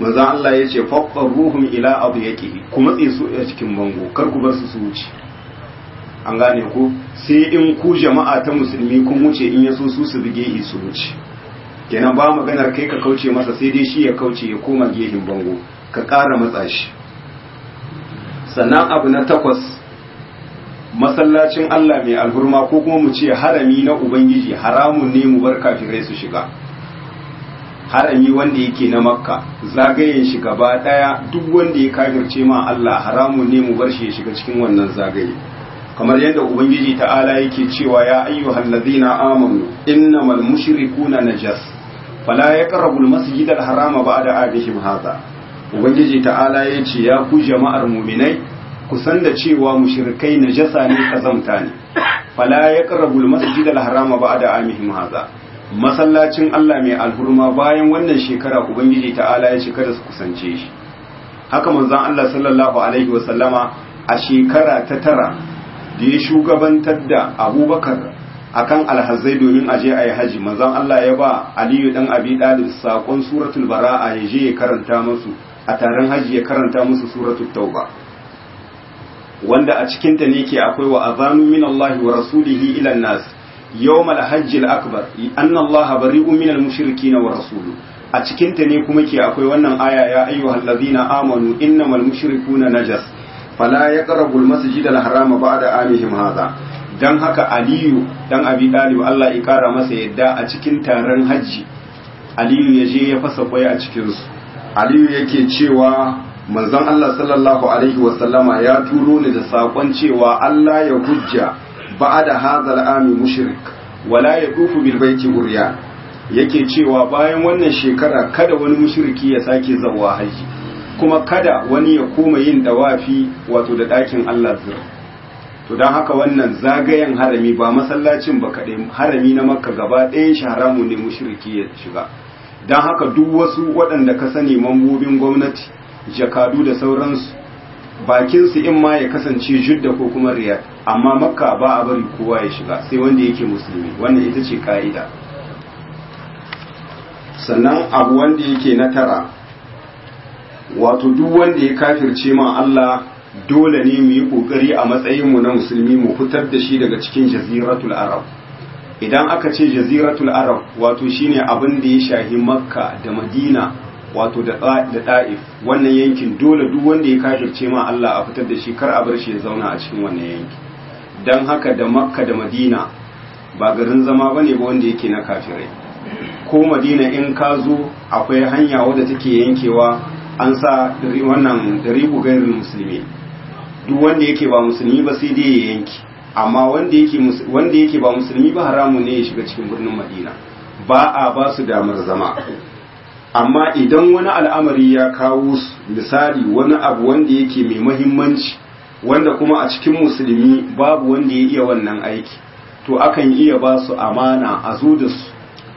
manzo Allah ya ce faqqar ruhun ila adyaqi kuma matse su a cikin bango kar ku bar su su wuce an gane ku sai in ku jama'a ta musulmi kun wuce in yaso su su bige su wuce kenan ba maganar kai ka kauce masa sai dai shi ya kauce ya koma gehin bango ka ƙara matsa shi sannan abu na takwas masallacin Allah mai alhurma ko kuma mu ce harami na ubangiji haramun ne mu bar kafirai su shiga harami wanda yake na makka zagayen shi gaba daya duk wanda ya kafirce ma Allah haramun ne mu bar shi ya shiga cikin wannan zagaye kamar yadda ubangiji ta'ala yake cewa ya ayyuhal ladina amanu innamal mushrikuna najas fala yaqrabul masjidal harama ba'da adihim hadha ubangiji ta'ala yace ya ku jama'ar mu'minai ku san da cewa mushrikai najasa ne kazamta ne fala yaqrabul masjidal harama ba'da amihim hadha masallacin Allah mai alhurma bayan wannan shekara ubangiji ta'ala ya ce kada su kusance shi haka manzan Allah sallallahu alaihi wa a shekara ta tara da ya shugabantar da Abubakar a kan alhazai domin a je a yi haji manzan Allah ya ba Aliyu dan Abi Dalib saƙon suratul bara'a ya je ya karanta musu a taron haji ya karanta musu suratul tauba wanda a cikinta ne ke akwai wa azanu min Allah wa rasulihi ilan nasu. Yau Malhajjil hajj al-akbar anna allaha bari'un minal mushrikin wa rasuluhu a cikin ta ne kuma ke akwai wannan aya ya ayyuhal Amanu, amanu innamal mushrikuna najas fala yaqrabul masjidal harama ba'da amihim hadha dan haka aliyu dan abi dalib Allah ya kara masa yadda a cikin taron hajji aliyu ya je ya fasa kwai a cikin su aliyu yake cewa manzon Allah sallallahu alaihi wasallama ya turo ni da sakon cewa Allah ya hujja ba'ada hadha al-ami mushrik wala yatufu bil baiti urya yake cewa bayan wannan shekara kada wani mushriki ya sake zawa haji kuma kada wani ya koma yin dawafi wato da dakin Allah zira to don haka wannan zagayen harami ba masallacin ba kaɗai harami na makka gaba ɗayan shi haramu ne mushriki ya shiga dan haka duk wasu waɗanda ka sani mambobin gwamnati jakadu da sauransu bakinsu in ma ya kasance judda ko kuma riyad amma makka ba a bari kowa ya shiga sai wanda yake musulmi wannan ita ce ka'ida sannan abu wanda yake na tara wato duk wanda ya kafirce ma Allah dole ne mu yi kokari a matsayinmu na musulmi mu fitar da shi daga cikin jaziratul arab idan aka ce jaziratul arab wato shine abin da ya shahi makka da madina wato da da'if wannan yankin dole duk wanda ya kafirce ma Allah a fitar da shi kar a bar shi ya zauna a cikin wannan yanki dan haka da makka da madina ba garin zama bane ba wanda yake na kafirai ko madina in ka zo akwai hanya wadda take yankewa an sa wannan dari bugarin musulmi duk wanda yake ba musulmi ba sai dai ya yanki amma wanda yake wanda ba musulmi ba haramu ne ya shiga cikin birnin madina ba a ba su damar zama amma idan wani al'amari ya kawo misali wani abu wanda yake mai mahimmanci wanda kuma a cikin musulmi babu wanda ya iya wannan aiki to akan iya ba su amana a zo da su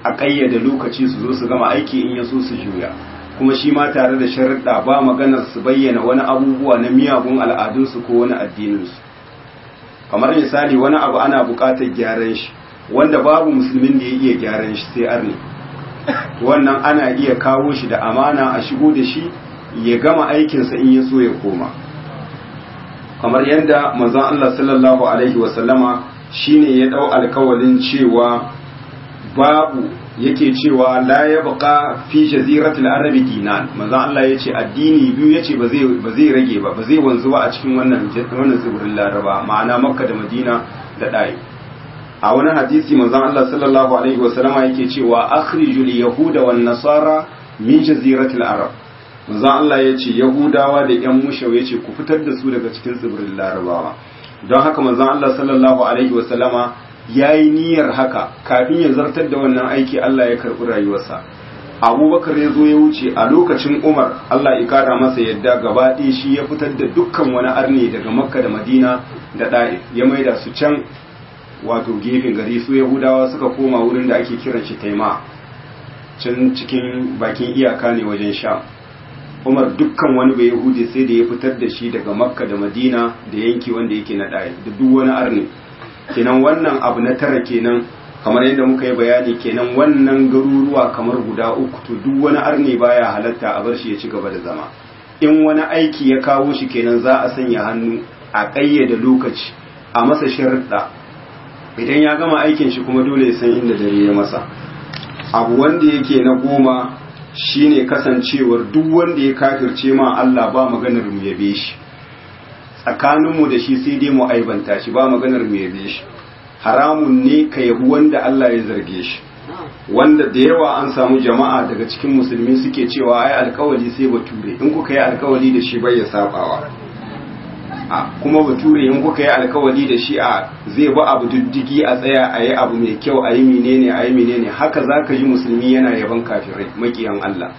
a ƙayyade lokaci su zo su gama aiki in ya so su juya kuma shi ma tare da sharaɗa ba maganar su bayyana wani abubuwa na miyagun al'adunsu ko wani addininsu kamar misali wani abu ana buƙatar gyaran shi wanda babu musulmin da ya iya gyaran shi sai arne wannan ana iya kawo shi da amana a shigo da shi ya gama aikinsa in ya so ya koma kamar yadda manzon Allah sallallahu alaihi wasallama shine ya dau alkawalin cewa babu yake cewa la ya fi jaziratul arabi dinan manzon Allah yace addini biyu yace ba zai ba zai rage ba ba zai wanzu ba a cikin wannan wannan da laraba ma'ana makka da madina da dai a wani hadisi manzon Allah sallallahu alaihi wasallama yake cewa akhrijul yahuda wan nasara min jaziratil arab manzon Allah yace yahudawa da yan mushau yace ku fitar da su daga cikin tsibirin larabawa don haka manzon Allah sallallahu alaihi wasallama yayi niyyar haka kafin ya zartar da wannan aiki Allah ya karbi rayuwarsa abubakar ya zo ya wuce a lokacin umar allah ya kara masa yadda gaba ɗaya shi ya fitar da dukkan wani arni daga makka da madina da ɗa'if ya maida su can wato gefen gari su yahudawa suka koma wurin da ake kiran shi taima can cikin bakin iyaka ne wajen sha umar dukkan wani bai yahudi sai da ya fitar da shi daga makka da madina da yanki wanda yake na ɗaya da duk wani arni kenan wannan abu na tara kenan kamar yadda muka yi bayani kenan wannan garuruwa kamar guda uku to duk wani arni baya halatta a bar shi ya ci gaba da zama in wani aiki ya kawo shi kenan za a sanya hannu a ƙayyade lokaci a masa sharuɗa idan ya gama aikin shi kuma dole ya san inda dare ya masa abu wanda yake na goma shine kasancewar duk wanda ya kafirce ma Allah ba maganar mu yabe shi mu da shi sai dai mu aibanta shi ba maganar mu yabe shi haramun ne ka yabu wanda Allah ya zarge shi wanda da yawa an samu jama'a daga cikin musulmi suke cewa ai alkawali sai bature in kuka yi alkawali da shi bai ya sabawa A kuma bature in kuka yi alkawari da shi a zai ba abu diddigi a tsaya a yi abu mai kyau a yi menene a yi menene haka za ka ji musulmi yana yaban kafirai makiyan Allah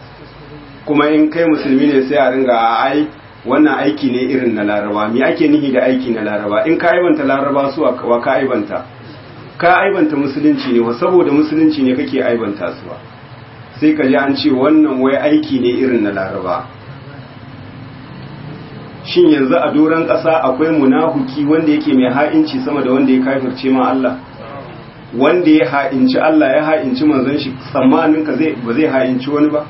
kuma in kai musulmi ne sai a ringa a ai wannan aiki ne irin na laraba me ake nihi da aiki na laraba in ka aibanta laraba su wa ka aibanta ka aibanta musulunci ne wa saboda musulunci ne kake aibanta su sai ka ji an ce wannan wai aiki ne irin na laraba shin yanzu a doron ƙasa akwai munafuki wanda yake mai ha'inci sama da wanda ya kafirce ma Allah wanda ya ha'inci Allah ya ha'inci manzon shi tsammanin ka zai ba zai ha'inci wani ba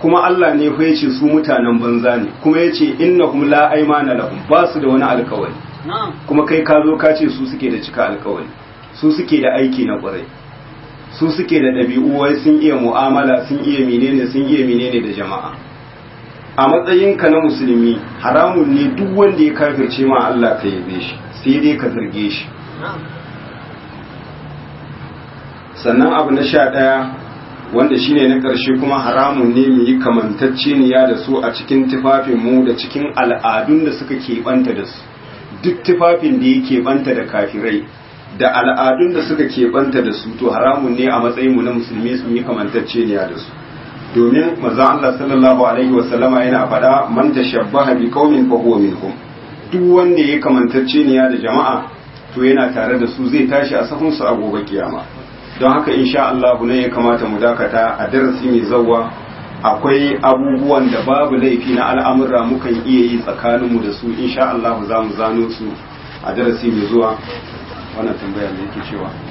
kuma Allah ne ya ce su mutanen banza ne kuma ya yace innahum la aymana lahum ba su da wani alƙawari. kuma kai ka zo ka ce su suke da cika alƙawari su suke da aiki na ƙwarai su suke da ɗabi'u wai sun iya mu'amala sun iya menene sun iya menene da jama'a a matsayin ka na musulmi haramun ne duk wanda ya kafirce ma Allah ka yabe shi sai dai ka zarge shi sannan abu na sha ɗaya wanda shine na ƙarshe kuma haramun ne mu yi ya da su a cikin tufafinmu da cikin al'adun da suka keɓanta da su duk tufafin da ya keɓanta da kafirai da al'adun da suka keɓanta da su to haramun ne a matsayin mu na musulmi su yi kamantacce kamantacceniya da su domin manzon Allah sallallahu alaihi sallama yana faɗa man tashabbaha bi qaumin fa huwa minhum duk wanda ya kamantacce niya da jama'a to yana tare da su zai tashi a sahun su a gobe kiyama don haka insha Allah ne ya kamata mu dakata a darasi mai zawwa akwai abubuwan da babu laifi na al'amura mukan iya yi tsakanin mu da su insha Allah za mu zano su a darasi mai zuwa wannan tambayar da yake cewa